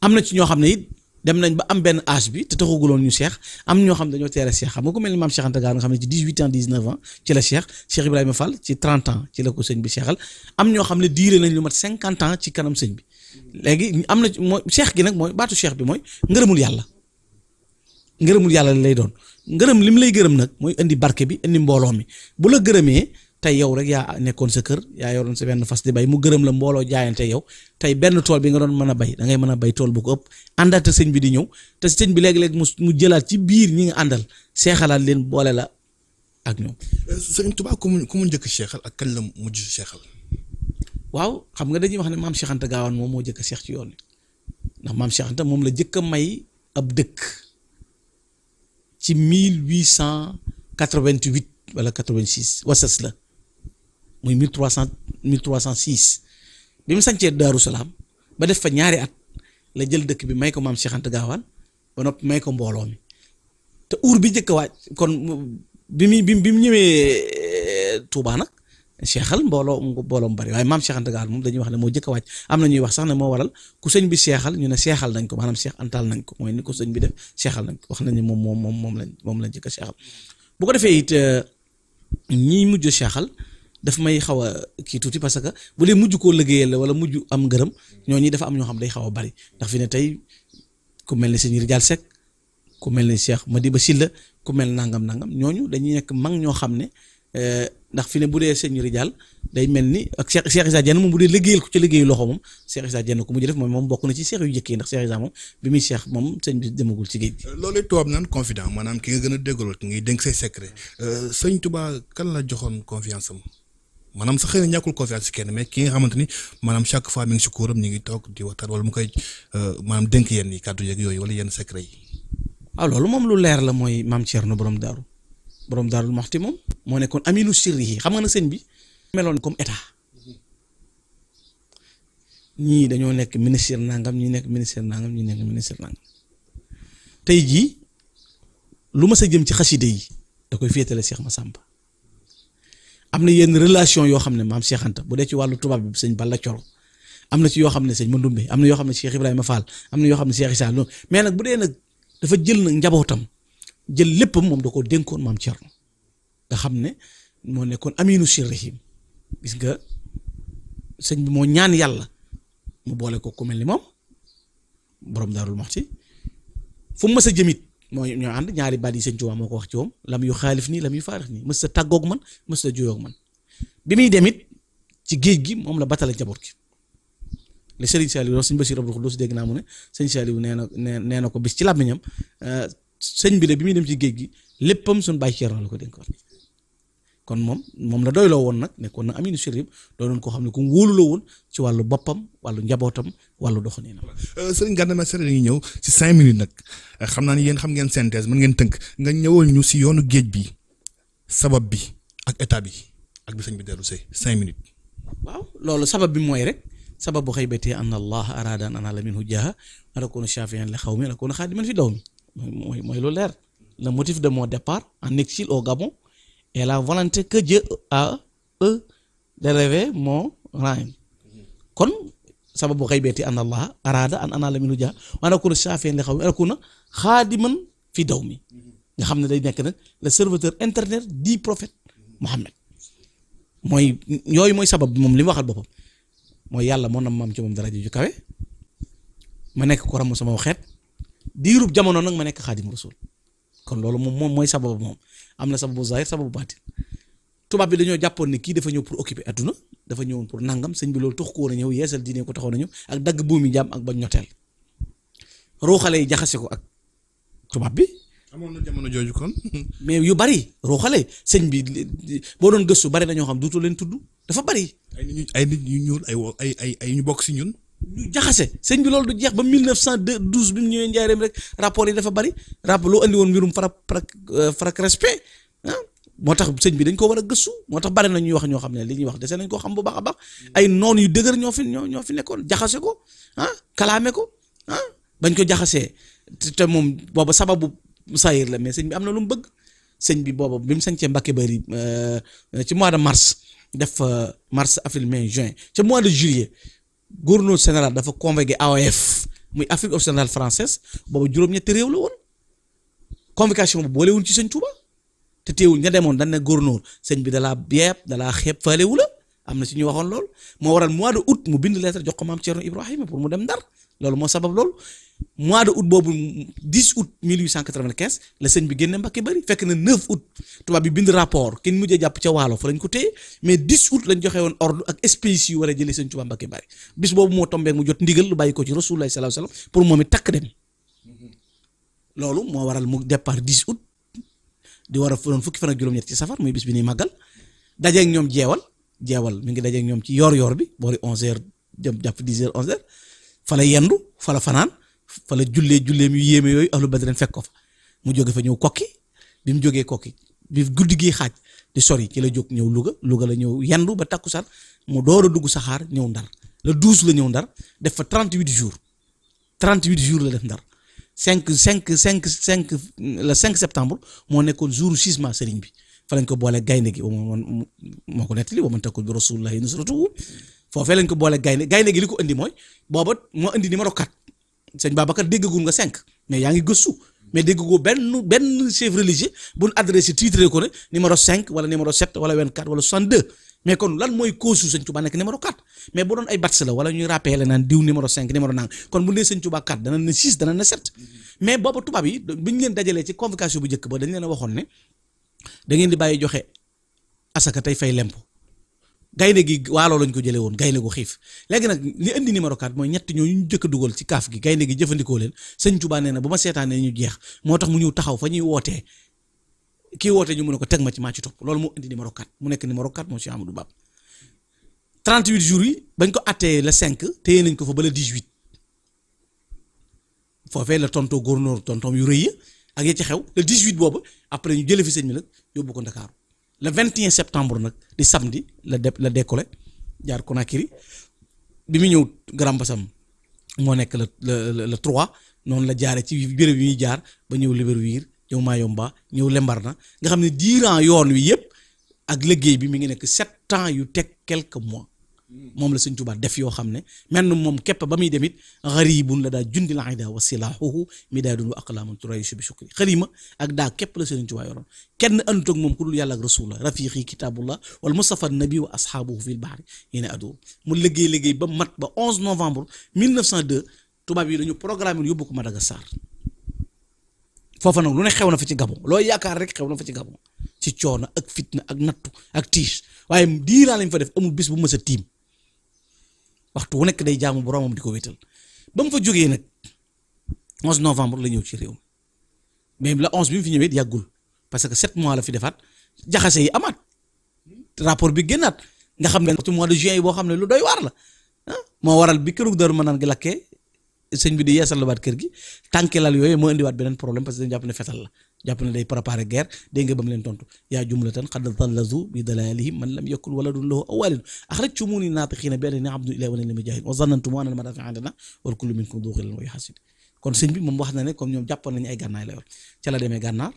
am na ci ñoo xam ne it dem nañ ba am benn âge bi te taxaguloon ñu Cheikh am ñoo xam dañoo teel a Cheikh xam nga ku mel ni maam Cheikh Anta Gaal nga xam ne ci dix huit ans dix neuf ans ci la Cheikh Cheikh Ibrahima Fall ci trente ci la ko sëñ bi Cheikhal am ñoo xam ne diire nañ lu mat cinquante ans ci kanam sëñ bi léegi am na mooy Cheikh gi nag mooy baatu seex bi mooy ngërëmul yàlla ngërëmul yàlla lay doon ngërëm li mu lay gërëm nag mooy indi barke bi indi mbooloo mi bu la gërëmee tey yow rek yaa nekkoon sa kër yaa yoroon sa benn fas di bay mu gërëm la mbooloo jaayante yow tey benn tool bi nga doon mën a bay dangay mën a bay tool bu ko ëpp àndaat sëñ bi di ñëw te sëñ bi léeg-léeg mu mu jëlaat ci biir ñi ngi àndal seexalaat leen boole la ak ñoom. Euh, sëñ Tuubaa ku mu ku njëkk seexal ak kañ la mujj seexal. waaw xam nga dañuy wax ne maam Cheikh Anta Gaawaan moom moo jëkk seex ci yoon wi ndax maam Cheikh Anta moom la jëkk a may ab dëkk ci mille huit cent quatre vingt wala quatre vingt la. muy mille trois cent mille trois cent six bi mu sancee Daaru ba def fa ñaari at la jël dëkk bi may ko maam Cheikh Anta Gaawaan ba noppi may ko mbooloo mi te uur bi njëkk a waaj kon bi muy bi mu ñëwee eh, Touba nag seexal mbooloo mbooloo mu bari waaye maam Cheikh Anta Gaawaan moom dañuy wax ne moo njëkk a waaj am na ñuy wax sax ne moo waral ku sëñ bi seexal ñu ne seexal nañ ko maanaam seex antal nañ ko moo ni ko sëñ bi def seexal nañ ko wax nañ ne moom moom moom lañ moom lañ njëkk a seexal bu ko defee it eh, ñi seexal. daf may xaw a kii tuuti parce que bu dee mujj koo liggéeyal la wala mujj am ngërëm ñooñu dafa am ñoo xam day xaw a bari ndax fi ne tey ku mel ne sëñ Rijaal Seck ku mel ne Cheikh Madiba Silla ku mel nangam nangam ñooñu dañuy nekk mag ñoo xam ne eh, ndax fi ne bu dee sëñ Rijaal day mel ni ak Cheikh Cheikh Issa Diène moom bu dee liggéeyal ku ci liggéeyu loxo moom Cheikh Issa Diène ku mujj def moom moom bokk na ci seex yu jëkk yi ndax Cheikh Issa moom bi muy seex moom sëñ bi demagul ci géej gi. Euh, loolu tubaab naan confident maanaam ki nga gën a déglu ki ngay dénk say secret euh, sëñ tubaa kan la joxoon confiance am maanaam sax xëy na ñàkkul confiance si kenn mais ki nga xamante ni maanaam chaque fois mi ngi si kóoram ñu ngi toog di waxtaan wala mu koy euh, maanaam dénk yenn yi kàddu yeeg yooyu wala yenn secret yi. waaw ah, loolu moom lu leer la mooy maam Thierno borom daaru borom lu daaru maxti moom moo nekkoon aminu sirri yi xam nga na sëñ bi. meloon comme état ñii dañoo nekk ministre nangam ñii nekk ministre nangam ñii nekk ministre nangam tey jii lu ma sa jëm ci xaside yi da koy féetale Cheikh Massamba. am na yenn relation yoo xam ne maam Cheikh Anta bu dee ci wàllu tubaab bi sëñ Balla Coro am na ci yoo xam ne sëñ ma am na yoo xam ne Cheikh am na yoo xam ne Cheikh Issa loolu mais nag bu dee nag dafa jël nag njabootam jël lépp moom da koo dénkoon maam Thierno nga xam ne moo nekkoon aminu sirrihim gis nga sëñ bi moo ñaan yàlla mu boole ko ku mel moom borom daarul maxti fu mu jëmit mooy ñoo ànd ñaari baat yi sëñ Tuubaa moo ko wax ci moom lam yu xaalif nii lam yu faarix nii mës sa tàggoog man mës sa juyoog man bi muy dem ci géej gi moom la batale njaboot gi li sëriñ Saliou wax sëñ Basiir Abdul Xuduus dégg naa mu ne sëñ Saliou nee na nee na ko bis ci làmmiñam euh, sëñ bi de bi muy dem ci géej gi léppam suñu bàyyi ceerno la ko dénkoon kon moom moom la doyloo woon nag nekkoon na Aminu Chérif doonoon koo xam ne ku mu wóolu la woon ci wàllu boppam wàllu njabootam wàllu doxalinam. Euh, sëriñ Gana Messere dañuy ñëw ci cinq minutes nag euh, xam naa ni yéen xam ngeen synthèse mën ngeen tënk nga ñëwal ñu si yoonu géej bi sabab bi ak état bi ak bi sëñ bi dellu see cinq minutes. waaw loolu sabab bi mooy rek. sababu xaybati an allah arada an anala minhu jaaha an akuna shafian li xaw mi an akuna xaadiman fi daw mi mooy mooy leer le motif de mon départ en exil au et la volonté que Dieu a eux d'élever mon rang kon sababu xaybeti an allah araada an anala minu dia waan akuna chafian li xaw mi akuna xaadiman fi daw mi nga xam ne day nekk nag le serviteur intérieur du prophète Mohammed mooy yooyu mooy sabab bi moom li mu waxal boppam mooy yàlla moo na maam ci moom daraja ju kawe ma nekk ko ramm sama xeet diirub jamono nag ma nekk xaadim rasul kon loolu moom moom mooy sabab moom am na sababu zahir sababu baatin tubaab bi dañoo jàppoon ni kii dafa ñëw pour occuper adduna dafa ñëwoon pour nangam sëñ bi loolu tax ko woon a ñëw yeesal diine ko taxoon a ñëw ak dagg buumi jàmm ak bañ ñoteel ruuxale yi jaxase ko ak tubaab bi. amoon na jamono jooju kon. mais yu bari ruuxale sëñ bi boo doon gëstu bari na ñoo xam duutu leen tudd dafa bari. ay nit ñu ay nit ñu ñuul ay ay ay ñu bokk si ñun. lu jaxase sëñ bi loolu du jeex ba cent 1912 bi mu ñëwee njaareem rek rapport yi dafa bari rapport loo andi woon mbirum fara euh, farak respect ah moo tax sëñ bi dañ ko war a gëstu moo tax bari na ñuy wax ñoo xam ne li ñuy wax dese nañ koo xam bu baax a ay noon yu dëgër ñoo fi ñoo ñoo fi nekkoon jaxase ko ah kalaame ko ah bañ ko jaxasee te moom booba sababu sayir la mais sëñ bi am na lu mu bëgg sëñ bi booba bi mu sañcee Mbàkke Bari euh, ci mois de mars def mars avril juin ci mois de juillet góor gouverneur général dafa convoqué AOF muy Afrique occidentale française boobu juróom-ñetti réew la woon convocation bu boolewul ci sëñ Touba te teewul ña demoon dañ ne gouverneur sëñ bi dalaa yepp dalaa xeeb faalewu la am na si ñu waxoon lool moo waral mois de août mu bind lettre jox ko maam bi génne Mbàkke Bari fekk na 9 août tubaab bi bind rapport kenn mujjee jàpp ca waalo fa lañ ko téye mais 10 août lañ woon ordre war a jëlee sëñ Tuubaa Mbàkke Bari bis boobu moo tombé mu jot ndigal lu bàyyi ko ci Rasulullah loolu moo waral mu départ 10 août di war a doon fukki fan ak juróom-ñett ci safar muy bis bi ñuy màggal dajeeg ñoom jeewal. jeewal mi ngi daje ñoom ci yoor yoor bi boo 11h jëm jàpp 10h 11h fa la yendu fa la fanaan fa la jullee julleem yu yéeme yooyu ahlu badrin fekk ko fa mu jóge fa ñëw kokki bi mu jógee kokki bi guddi gii xaaj di sori ci la jóg ñëw Louga Louga la ñëw yendu ba takku takkusaan mu door a dugg saxaar ñëw ndar le 12 la ñëw ndar def fa 38 jours 38 jours la def ndar cinq 5 cinq 5 le 5 septembre moo nekkoon jour 6 mois bi. fa lañ ko boole gaynde gi moom moo ko nettali wa man takun bi rasulillahi nusratuhu foofee lañ ko boole gaynde gi li ko indi mooy booba moo indi numéro 4 sëñ dégg déggagul nga 5 mais yaa ngi gëstu mais déggagoo benn benn chef religieux bu nu adressé titré ko ne numéro 5 wala numéro 7 wala 24 wala 62 mais kon lan mooy koosu sëñ Tuba nekk numéro 4 dana ne 6 dana ne 7 mais booba tubaab yi bi ñu leen dajalee ci convocation bu njëkk ba dañ leen a waxoon da ngeen di bàyyi joxe asaka tey fay lemp gaynde gi waaloo lañ ko jëlee woon gaynde gu xiif léegi nag li indi numéro 4 mooy ñett ñoo ñu jëkk dugal ci kaaf gi gaynde gi jëfandikoo leen sëñ Tuubaa nee na bu ma seetaanee ñu jeex moo tax mu ñëw taxaw fa ñuy wootee kii wootee ñu mun ne ko teg ma ci maa ci topp loolu moo indi numéro 4 mu nekk numéro 4 moom Cheikh Amadou Bab 38 jours yi bañ ko attee le 5 téye nañ ko fa ba le 18 la tonto góornóor tontoom yu rëy ak ya ci xew le 18 boobu après ñu jële fi sëñ bi nag yóbbu ko Ndakaaru le 21 septembre nag di samedi la de la décollé jaar Conakry bi mu ñëw Grand Bassam moo nekk la le le trois noonu la jaaree ci béréb yi ñuy jaar ba ñëw Libreville ñëw Mayomba ñëw na nga xam ne diiran yoon wi yëpp ak liggéey bi mu ngi nekk sept ans yu teg quelques mois. moom la sëñ Tuubaa def yoo xam ne mel moom képp ba muy demit xaribun la daa jundil ayda wa silaahuhu midaadun wa aqlaamun turayisu bi shukri xarima ak daa képp la sëñ Tuubaa yoroon kenn àndut ak moom ku dul yàlla ak rasulullah rafiqi kitabullah wal mustafa nabi wa ashaabuhu fil bahri rek xew na fa ci Gabon ci coono ak fitna ak nattu ak tiis waaye diiraa lañ fa def amul bis bu mës a tiim waxtu wu nekk day jaamu boroomam di ko wétal ba mu fa jógee nag 11 novembre la ñëw ci réew mi mais la 11 bi mu fi ñëwee yàggul parce que 7 mois la fi defaat jaxase yi amaat rapport bi génnaat nga xam ne ci mois de juin boo xam ne lu doy waar la ah, moo waral bi këru Daaru Manaan gi lakkee sëñ bi di yeesal la baat kër gi tànke lal yooyu moo indiwaat beneen problème parce que dañu jàpp ne fetal la. jàpp ne day préparer guerre dégg nga ba mu leen tontu yaa jumlatan xad dallazu bi dalalihim man lam yakul waladun lahu aw walidun axrajtumuni naatiqiina bi annanii abdun ilaahi wa annanii mujaahidun wa zannantum wax na ne comme ñoom jàppoon nañu ay gànnaay la yor ca la demee gànnaar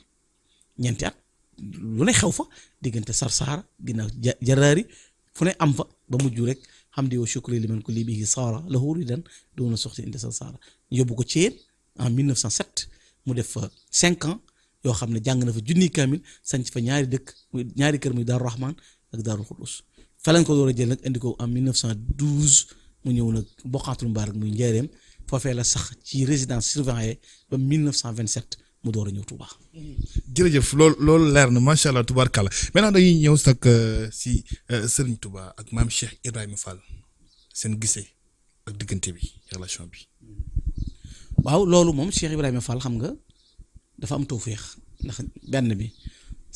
ñeenti at lu ne xew fa diggante sarsaara ginnaaw jaraari fu ne am fa ba mujj rek hamdi wa shukri liman kulli bihi saara lahu ridan doona soxti indi sarsaara yóbbu ko ci en 1907 mu def fa cinq yoo xam ne jàng na fa junni kaamil sanc fa ñaari dëkk ñaari kër muy Daaru Rahman ak Daaru Xudus fa ko door a jël nag indi ko en 1912 mu ñëw nag boqaatul mbaarak muy njeereem foofee la sax ci résidence surveillée ba 1927 mu door a ñëw Touba. jërëjëf loolu loolu leer na macha allah tubaarkàlla maintenant dañuy ñëw sax euh, si euh, Serigne Touba ak maam Cheikh Ibrahima Fall seen gisee ak diggante bi relation bi. waaw loolu moom Cheikh Ibrahima Fall xam nga. dafa am tawféex ndax benn bi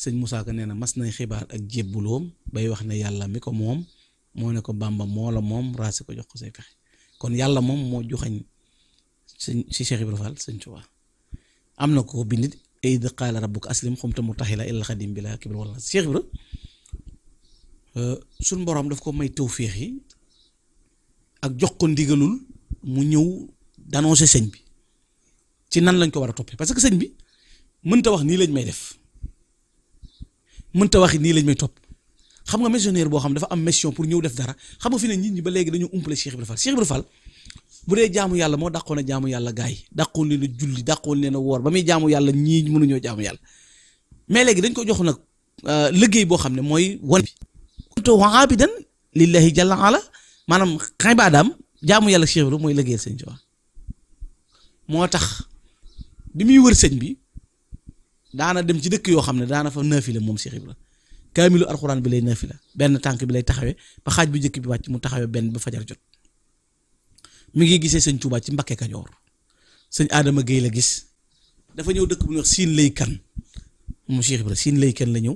sëñ Moussa Ka nee na mas nay xibaar ak jébbaloom bay wax ne yàlla mi ko moom moo ne ko Bàmba moo la moom raasi ko jox ko say fexe kon yàlla moom moo joxañ sëñ si sëñ Tuubaa am na ko bindit id qaala rabbuka aslim xumta murtaxila illa xadim bila kibir wala Cheikh Ibra euh, suñ boroom daf ko may tawféex yi ak jox ko mu ñëw d'annoncer sëñ bi ci nan lañ ko war a toppee parce que sëñ bi mënta wax nii lañ may def mënta wax nii lañ may topp xam nga missionnaire boo xam dafa am mession pour ñëw def dara xam nga fi ne nit ñi ba léegi dañoo umpale Cheikh Ibrahima fal Cheikh Ibrahima Fall bu dee jaamu yàlla moo daqoon a jaamu yàlla gaay yi dàqoon leen a julli dàqoon leen woor ba muy jaamu yàlla ñii mënuñoo jaamu yàlla mais léegi dañ ko jox nag euh, liggéey boo xam ne mooy wan bi kuntu aabidan lillahi jalla ala maanaam xibaadaam jaamu yàlla Cheikh Ibrahima mooy liggéeyal sëñ Tuubaa tax bi muy wër sëñ bi daana dem ci dëkk yoo xam ne daana fa naafila moom Cheikh la kaamilu alxuraan bi lay la benn tànk bi lay taxawee ba xaaj bu jëkk bi wàcc mu taxawee benn ba fajar jot mi ngi gisee sëñ Tuubaa ci Mbakke Kajoor sëñ aadama Guèye la gis dafa ñëw dëkk bu ñuy siin lay kan moom bi la siin lay kan la ñëw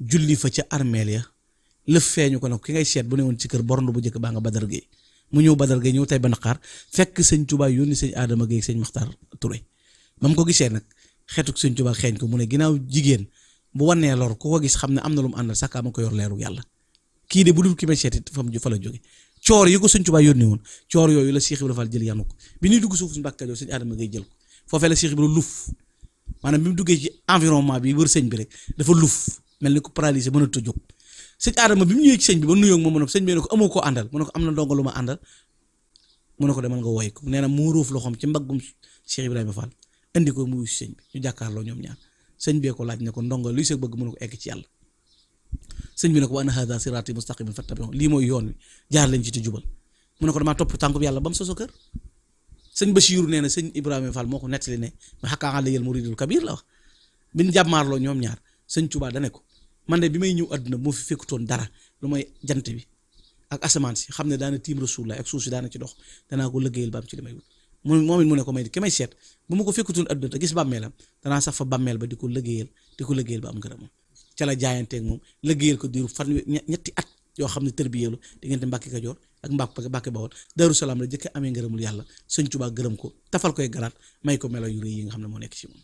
julli fa ca armeel ya lëf feeñu ko nag ki ngay seet bu ne woon ci kër borndu bu njëkk baa nga Badar Guèye mu ñëw Badar Guèye ñëw tey ba naqaar fekk sëñ Tuubaa yónni sëñ Adama Guèye sëñ Maxtaar Touré ba ko gisee nag xeetu Sëñ Tuubaa xeeñ ko mu ne ginnaaw jigéen bu wanee lor koo gis xam ne am na lu mu àndal sakkaa ma ko yor leeru yàlla kii de bu dul ki may seet it fa mu fa la jóge coor yi ko Sëñ woon coor yooyu la Seex Ibra Faal jël yanu ko bi ñuy dugg suuf suñu bàkkaajoo sëñ Adama ngay jël ko foofee la duggee ci environnement bi wër sëñ bi rek dafa luf mel ni ko paralysé mën a tëjóg sëñ Adama bi mu ñëwee bi ba nuyoo moom mu ne sëñ bi ne ko amoo koo àndal mu ne ko am na ndongo lu ma àndal mu ne ko demal nga woy ko nee na mu ruuf loxoom ci mbaggum Cheikh ma Fall indi ko muy sëñ bi ñu jàkkaarloo ñoom ñaar sëñ bee ko laaj ne ko ndongo luy sa bëgg a ko egg ci yàlla sëñ bi ne ko wa anna haada siraati mustaqiman fattabi'uhu lii mooy yoon wi jaar leen ci te jubal mu ne ko damaa topp tànku yàlla ba mu soso kër sëñ Bachirou nee na sëñ Ibrahima Fall moo ko nettali ne ma xakkaa xale kabir la wax bi jàmmaarloo ñoom ñaar sëñ Tuubaa da ne ko man de bi may ñëw àdduna moo fi fekkutoon dara lu may jant bi ak asamaan si xam ne daana tiim rasulullah ak suuf si daana ci dox danaa ko lëggéeyal ba am ci li may wut mu moom it mu ne ko may ki may seet bu ma ko fekkutoon adduna te gis bàmmeelam danaa sax fa bàmmeel ba di ko lëggéeyal di ko lëggéeyal ba am ngërëm ca la jaayanteeg moom lëggéeyal ko diiru fan ñetti at yoo xam ne tërbiyeelu diggante Mbàkke Kajoor ak Mbàkke Mbàkke Bawol Daaru Salaam la jëkk amee ngërëmul yàlla Sëñ Tuubaa gërëm ko tafal koy garaat may ko melo yu rëy yi nga xam ne moo nekk ci moom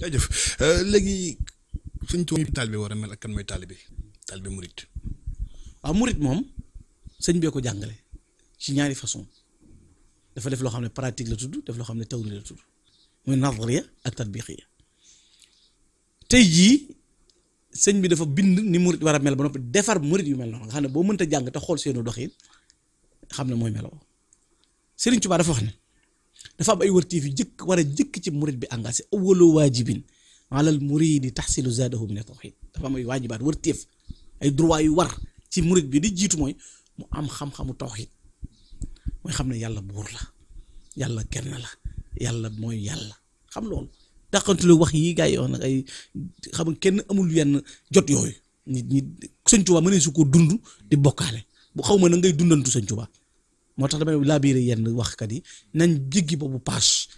jaajëf euh, léegi Sëñ Tuubaa taalibe war a mel ak kan mooy taalibe taalibe murit waaw murit moom sëñ bee ko jàngale ci ñaari façon dafa def loo xam ne pratique la tudd def loo xam ne tawri la tudd muy nazariya ak tatbiqiya tey jii sëñ bi dafa bind ni murit war a mel ba noppi defar murit yu mel noonu nga xam ne boo mënta jàng te xool seenu doxin xam ne mooy meloo Sëriñ Tuubaa dafa wax ne dafa am ay wërtiif yu jëkk war a jëkk ci murit bi engagé awwalu waajibin alal muridi tahsilu zaadahu min tawxiid dafa am ay waajibaat wërtiif ay droit yu war ci murit bi di jiitu mooy mu am xam-xamu tawxiid mooy xam na yàlla buur la yàlla kenn la yàlla mooy yàlla xam loolu dàqantule wax yi gars ay xam kenn amul yenn jot yooyu nit ñi sëñ Tuubaa mënee su ko dund di bokkaale bu xaw ma na ngay dundantu sëñ Tuubaa moo tax damay laabiire yenn waxkat yi nañ jéggi boobu paas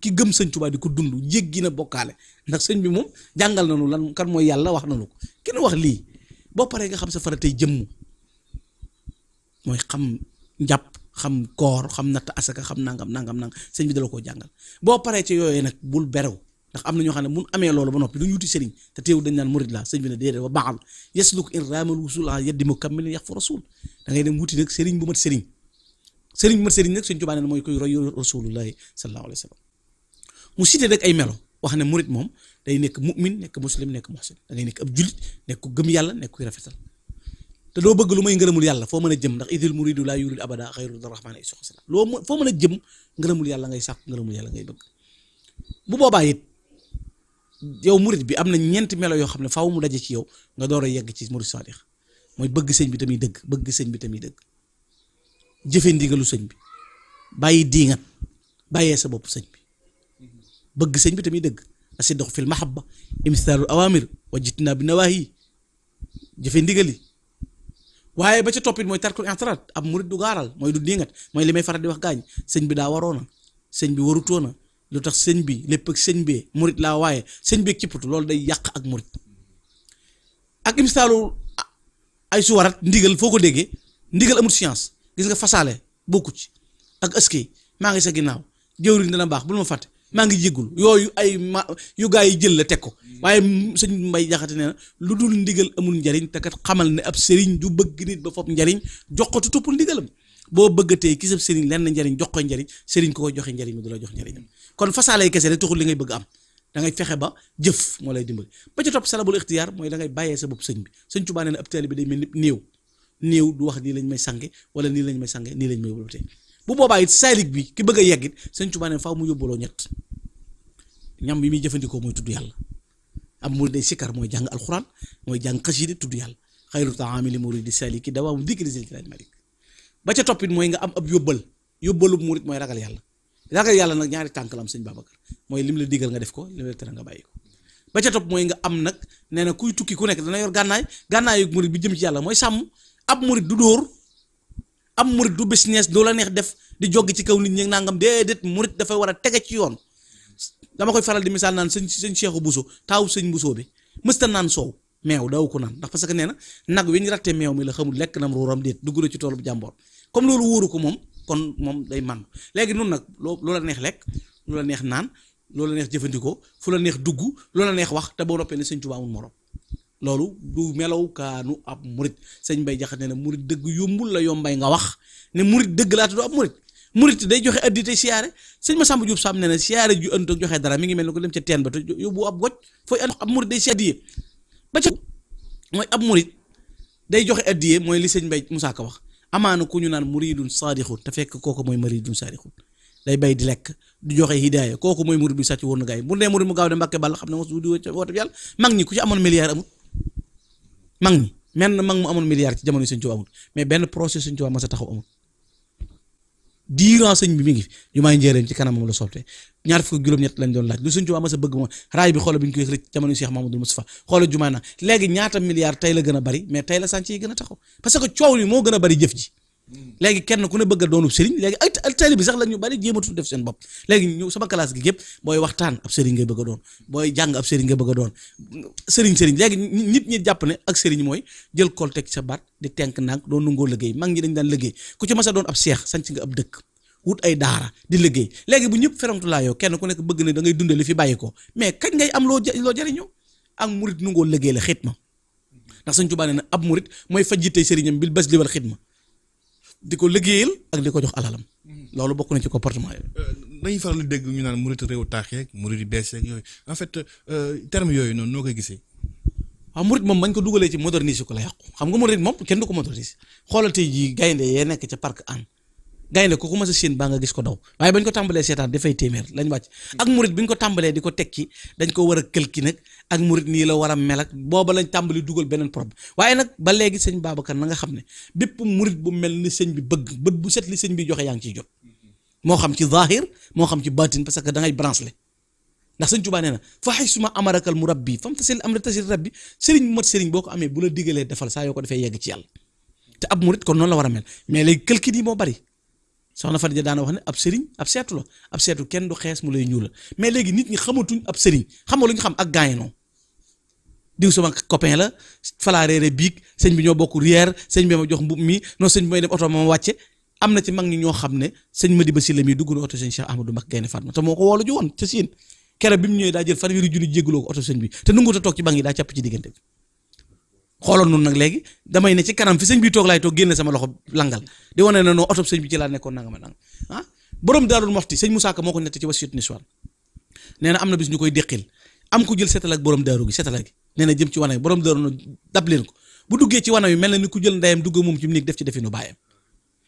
ki gëm sëñ Tuubaa di ko dund jéggi na bokkaale ndax sëñ bi moom jàngal nañu lan kan mooy yàlla wax na nañu ko kenn wax lii boo paree nga xam sa faratay jëmm mooy xam njàpp xam koor xam natt asaka xam nangam nangam nangam sëñ bi dala koo jàngal boo paree ci yooyee nag bul berew ndax am na ñoo xam ne mun amee loolu ba noppi du ñu wuti sëriñ te teew dañ naan murid la sëñ bi ne déedéet wa baaxal yasluk in raamal a yaddi mukammil yax fu rasul ay melo wax ne murid moom day nekk mu'min nekk muslim nekk muhsin da nekk ab julit nekk ku gëm yàlla nekk kuy rafetal te doo bëgg lu may ngërëmul yàlla foo mën a jëm ndax idil muridu laa yuridu abada xayrul rahmaani is xasana loo foo mën a jëm ngërëmul yàlla ngay sàkk ngërëmul yàlla ngay bëgg bu boobaa it yow murid bi am na ñeenti melo yoo xam ne faw mu daje ci yow nga door a yegg ci murid saadix mooy bëgg sëñ bi tamit dëgg bëgg sëñ bi tamit dëgg jëfe ndigalu sëñ bi bàyyi diingat bàyyee sa bopp sëñ bi bëgg sëñ bi tamit dëgg dox fil mahabba imtithaalul awamir wa jitnaa bi nawaahi jëfe ndigal waaye ba ca toppit mooy tarkul i'tiraad ab murit du gaaral mooy du dingat mooy limay may di wax gaañ sëñ bi daa waroona sëñ bi warutoona lu tax sëñ bi lépp ak sëñ bee murit laa waaye sëñ bee cipputu loolu day yàq ak murit ak imstaalu ay suwarat ndigal foo ko déggee ndigal amul science gis nga fasaale bokku ci ak ëskey maa ngi sa ginnaaw jëwriñ dana baax bul ma fat maa ngi jéggul yooyu ay ma yu gaa yi jël la teg ko waaye sëñ Mbay Jaxate nee na lu dul ndigal amul njariñ te kat xamal ne ab sëriñ du bëgg nit ba fopp njariñ jox ko te toppul ndigalam boo bëggatee ki sab sëriñ lenn njariñ jox ko njariñ sëriñ ko koy joxe njariñ du la jox njariñam kon fasaalay kese rek taxul li ngay bëgg am da ngay fexe ba jëf moo lay dimbali ba ca topp salabul ixtiyaar mooy da ngay bàyyee sa bopp sëñ bi sëñ Tuubaa nee na ab taalibe bi day mel ni néew wax nii lañ may sange wala nii lañ may sange nii lañ may wëlbatee bu boobaa it bi ki bëgg a yeggit sëñ Tuubaa ne faaw mu yóbbaloo ñett ñam bi muy jëfandikoo mooy tudd yàlla am mu day sikkar mooy jàng alxuraan mooy jàng xasida tudd yàlla xayru taami li muridi saliki dawaamu dikri sil kiraaj malik ba ca toppit mooy nga am ab yóbbal yóbbalub murit mooy ragal yàlla ragal yàlla nag ñaari tànk la sëñ Babacar mooy lim la digal nga def ko lim nga bàyyi ko ba ca topp mooy nga am nag nee na kuy tukki ku nekk dana yor gànnaay gànnaay yu murit bi jëm ci yàlla mooy sàmm ab murit du dóor am murit du business doo la neex def di joggi ci kaw nit ñi nangam déedéet murit dafa war a tege ci yoon dama koy faral di misaal naan sëñ sëñ Cheikhu Bousso taaw sëñ Bousso bi mësta naan soow meew daw ko naan ndax parce que nee na nag wi ñu rattee meew mi la xamul lekk nam ruuram déet dugg na ci toolu jàmboor comme loolu wóoru ko moom kon moom day man léegi noonu nag loo loola neex lekk la neex naan loola neex jëfandikoo fu la neex dugg loola neex wax te boo noppee ne sëñ Tuubaa amul morom loolu du melawkaanu ab murit sëñ Bay Jaxate ne murit dëgg yombul la yombay nga wax ne murit dëgg laa tudd ab murit murit day joxe addi tey siyaare sëñ Masamba Diop Samb ne ne siyaare ju joxe dara mi ngi mel ni ko dem ca teen ba te yóbbu ab goj fooy ab murit addiye mooy ab murit day joxe addiye mooy li sëñ Bay Musaa Ka wax amaana ku ñu naan muridun saadixun te fekk kooku mooy muridun saadixun day bay di lekk di joxe hidaaya kooku mooy murit bi sàcc woon na murit mu gaaw de Mbàkke Bàll xam ne mos di woote yàlla mag ñi ku ci amoon milliard amut mag ñi menn mag mu amoon milliard ci jamono yi Sëñ Tuubaa mais benn projet Sëñ Tuubaa ma sa taxaw amul diiran sëñ bi mi ngi fi yu may njëriñ ci kanamam la sopte ñaar fukk juróom-ñett lañ doon laaj lu Sëñ Tuubaa ma sa bëgg moom raay bi xoolal bi ñu koy rëcc jamono yi Cheikh Mamadou Moustapha xoolal jumaa na léegi ñaata milliard tey la gën a bari mais tey la sànc yi gën a taxaw parce que coow li moo gën a bari jëf ji léegi kenn ku ne bëgg a doonu sëriñ léegi ay taalibe sax la ñu bari jéematu def seen bopp léegi ñu sama classe gi yëpp mooy waxtaan ab sëriñ ngay bëgg a doon booy jàng nga bëgg a doon sëriñ sëriñ léegi nit ñi jàpp ne ak sëriñ mooy jël kol teg sa baat di tenk naag doon nangoo liggéey mag ñi dañ daan liggéey ku ci mas a doon ab seex sanc nga ab dëkk wut ay daara di liggéey léegi bu ñëpp ferantu laa kenn ku nekk bëgg ne dangay ngay dundali fi bàyyi ko mais kañ ngay am loo loo jariñoo ak murit nungoo liggéey la xitma ndax sëñ Tuubaa nee na ab murit mooy fajjitey sëriñam bil bas liwal xitma di ko liggéeyal ak di ko jox alalam. Mm-hmm. loolu bokk na ci comportement yi. dañuy euh, faral di dégg ñu naan murit réew taax yeeg murit yu bees yeeg yooyu en fait euh, terme yooyu noonu noo koy gisee. waaw ah, murit moom bañ ko dugalee ci moderniser ko la yàqu xam nga murit moom kenn du ko moderniser xoolal tey jii gaynde yee nekk ca parc an gaynde ko ku mas a baa nga gis ko daw waaye bañ ko tàmbalee seetaan dafay téeméer lañ wàcc ak murit bi ñu ko tàmbalee di ko tekki dañ ko war a këlki nag ak murit la war a mel booba lañ tàmbali dugal beneen problème waaye nag ba léegi sëñ Babacar na nga xam ne bépp murit bu mel ni sëñ bi bëgg bët bu set li sëñ bi joxe yaa ngi jot moo xam ci zahir moo xam ci batin parce que da ngay branché ndax boo ko bu la digalee defal saa yoo ko defee yegg kon noonu la war a mel mais léegi këlkin yi moo bari soxna Fadija daana wax ne ab sëriñ ab seetu la ab seetu kenn du xees mu lay ñuulal mais léegi nit ñi xamatuñ ab sëriñ xamoo lu ñu xam ak gaañanoo diw sama copain la falaa reere biig sëñ bi ñoo bokk reer ma jox mbub mi oto ma wàcce am ñoo xam ne sëñ Madiba Sylla mi dugg na oto sëñ Cheikh te moo ko woolu ju woon ca siin keroog bi mu ñëwee daa jël fanweeri junni jéggaloo ko oto sëñ bi te nanguut a toog ci bank yi daa càpp ci diggante bi xooloon noonu nag léegi damay ne ci kanam fi sëñ bi toog laay toog génne sama loxo langal di wane ne noo oto sëñ bi ci laa nekkoon nanga ma nang ah borom daalul moxti sëñ Moussa Ka moo ko nett ci wasiyatu niswaan nee na am koy déqil am ko jël seetal ak borom daaru gi seetal gi nee ci wana yi borom daaru na dab leen ko bu duggee ci wana yi mel na ni ku jël ndeyam dugg moom ci mu néeg def ci definu bàyyam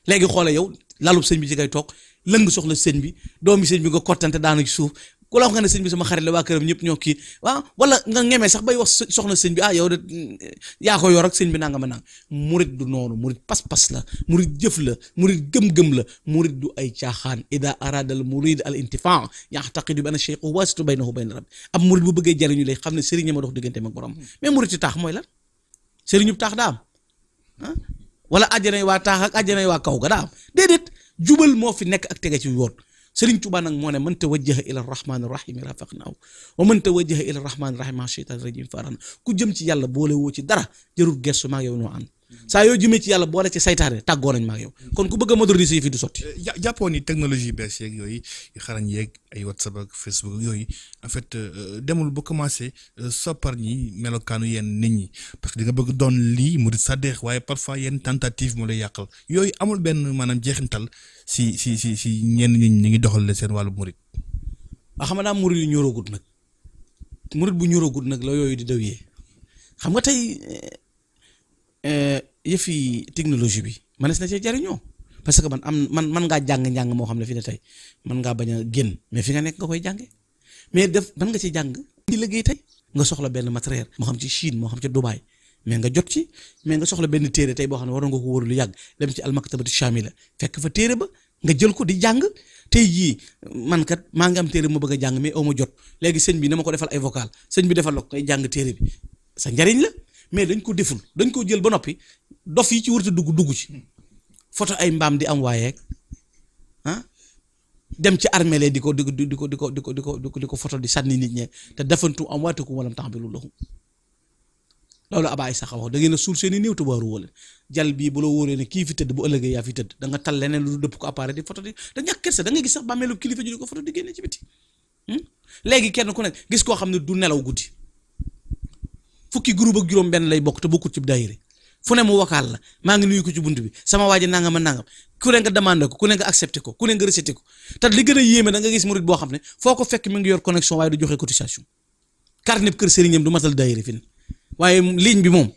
léegi xoole yow lalub sëñ bi ci ngay toog lëng soxla sëñ bi doomi sëñ bi nga kottante daanu suuf ku la wax nga sëñ bi sama xarit la waa këram ñëpp ñoo kii waaw wala nga ñemee sax bay wax soxna sëñ bi ah yow de mm, yaa ko yor ak sëñ bi nangama nang murit du noonu murit pas-pas la murit jëf la murit gëm-gëm la murit du ay caaxaan ida a al murid al intifaa yaxtaqidu bi anna cheikhu wasitu baynahu bayna rabbi ab murit bu bëggee jariñu lay xam ne sëriñ ma dox diggante mag borom hmm. mais murit ci taax mooy lan sëriñu taax daa am ah? wala àjjanay waa taax ak waa kaw ga daa am déedéet jubal moo fi nekk ak tege ci yoon Sëriñ Tuubaa nag moo ne man tawajjaha ila rahmaani rahim rafaqnaahu wa man tawajjaha ila rahmaani rahim shaytaan rajim faran ku jëm ci yàlla boole woo ci dara jërul gersu maa yow noo am saa yoo jëmee ci yàlla boole ci saytaane tàggoo nañ ma ak kon ku bëgg a moderniser yi fii du sotti. ja euh, jàppoon ni technologie bees yeeg yooyu xarañ yeeg ay whatsapp ak facebook yooyu en fait euh, euh, demul ba commencé soppar ñi melokaanu yenn nit ñi parce que di nga bëgg doon lii mu di sàddeex waaye parfois yenn tentative moo lay yàqal yooyu amul benn maanaam jeexintal si si si si ñenn ñi ñu ngi doxal seen wàllu murit. waa ah, xam nga daal murit yu ñoroogut nag murit bu ñoroogut nag la yooyu di daw Euh, yëfi technologie bi mënees na cee jariñoo parce que man am man man ngaa jàng-njàng moo xam ne fi ne tey man ngaa bañ a génn mais fi nga nekk nga koy jànge mais def man nga jàng di liggéey tey nga soxla benn matériel moo xam ci Chine moo xam ci Dubaï mais nga jot ci mais nga soxla benn téere tey boo xam ne waroon nga ko wóor lu yàgg dem ci almaktabatu shamila fekk fa téere ba nga jël ko di jàng tey jii man kat maa ngi am téere ma bëgg a jàng mais aw ma jot léegi sëñ bi na ma ko defal ay vocal sëñ bi defal la ko jàng téere bi sa njariñ la mais dañ ko deful dañ ko jël ba noppi dof yi ci wërta dugg dugg ci foto ay mbaam di am waayeeg ah dem ci armée lee di ko di ko di ko di ko di ko di ko di ko foto di sànni nit ñe te defantu am waateku walam tax bi lu loxu loolu Abba Issa wax da ngeen a suul seen i néew te waaru woo leen jal bii bu la wóoree ne kii fi tëdd bu ëllëgee yaa fi tëdd da nga tal leneen lu dëpp ko appareil di foto di da ñàkk kersa da nga gis sax bàmmeelu kilifa ju di ko foto di génne ci biti hmm? léegi kenn ku nekk gis koo xam ne du nelaw guddi fukki groupe ak juróom-benn lay bokk te bokkut ci daayira fu ne mu wakaal la maa ngi nuyu ko ci bunt bi sama waa nangam a nangam ku ne nga demandé ko ku ne nga accepté ko ku ne nga rejeté ko te li gën a yéeme da nga gis murid boo xam ne foo ko fekk mi ngi yor connexion waaye du joxe cotisation carte neb kër sëriñam du matal daayira fi waaye ligne bi moom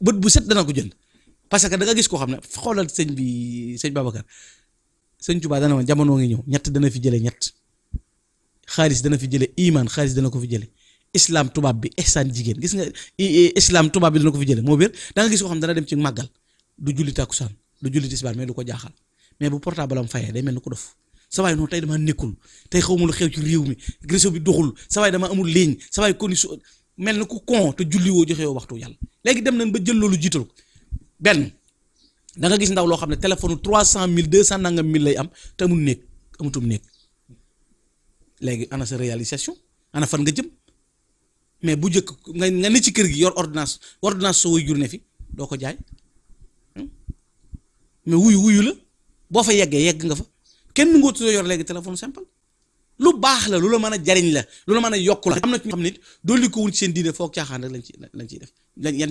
bët bu set dana ko jënd parce que da nga gis koo xam ne xoolal sëñ bi sëñ Babacar sëñ Tuubaa dana woon jamono ngi ñëw ñett dana fi jëlee ñett xaalis dana fi jëlee iman xaalis dana ko fi jëlee islaam tubaab bi ihsaan jigéen gis nga islam tubaab bi dana ko fi jële moo biir da nga gis koo xam dana dem ci màggal du julli takkusaan du julli tisbaar mais du ko jaaxal mais bu portable am fayee day mel ni ko dof sa waay noonu tey dama nekkul tey xaw ma lu xew ci réew mi réseau bi doxul sa waay dama amul ligne sa waay condition mel na ku kon te julli woo joxe waxtu yàlla léegi dem nañ ba jël loolu jiital ko benn danga gis ndaw loo xam ne téléphone bi 300000 200 nangam 1000 lay am te amul néeg amutum néeg léegi ana sa réalisation fan nga jëm. mais bu njëkk nga nga ne ci kër gi yor ordonnance ordonnance soo wuy jur ne fi doo ko jaay hmm? mais wuyu wuyu la boo fa yeggee yegg nga fa kenn nga tuddee yor léegi téléphone simple lu baax la lu la mën a jariñ la lu la mën a yokku la am na ci ñoo xam ne doon li ko wul ci seen diine foog caaxaan rek lañ ci lañ ciy def lañ yan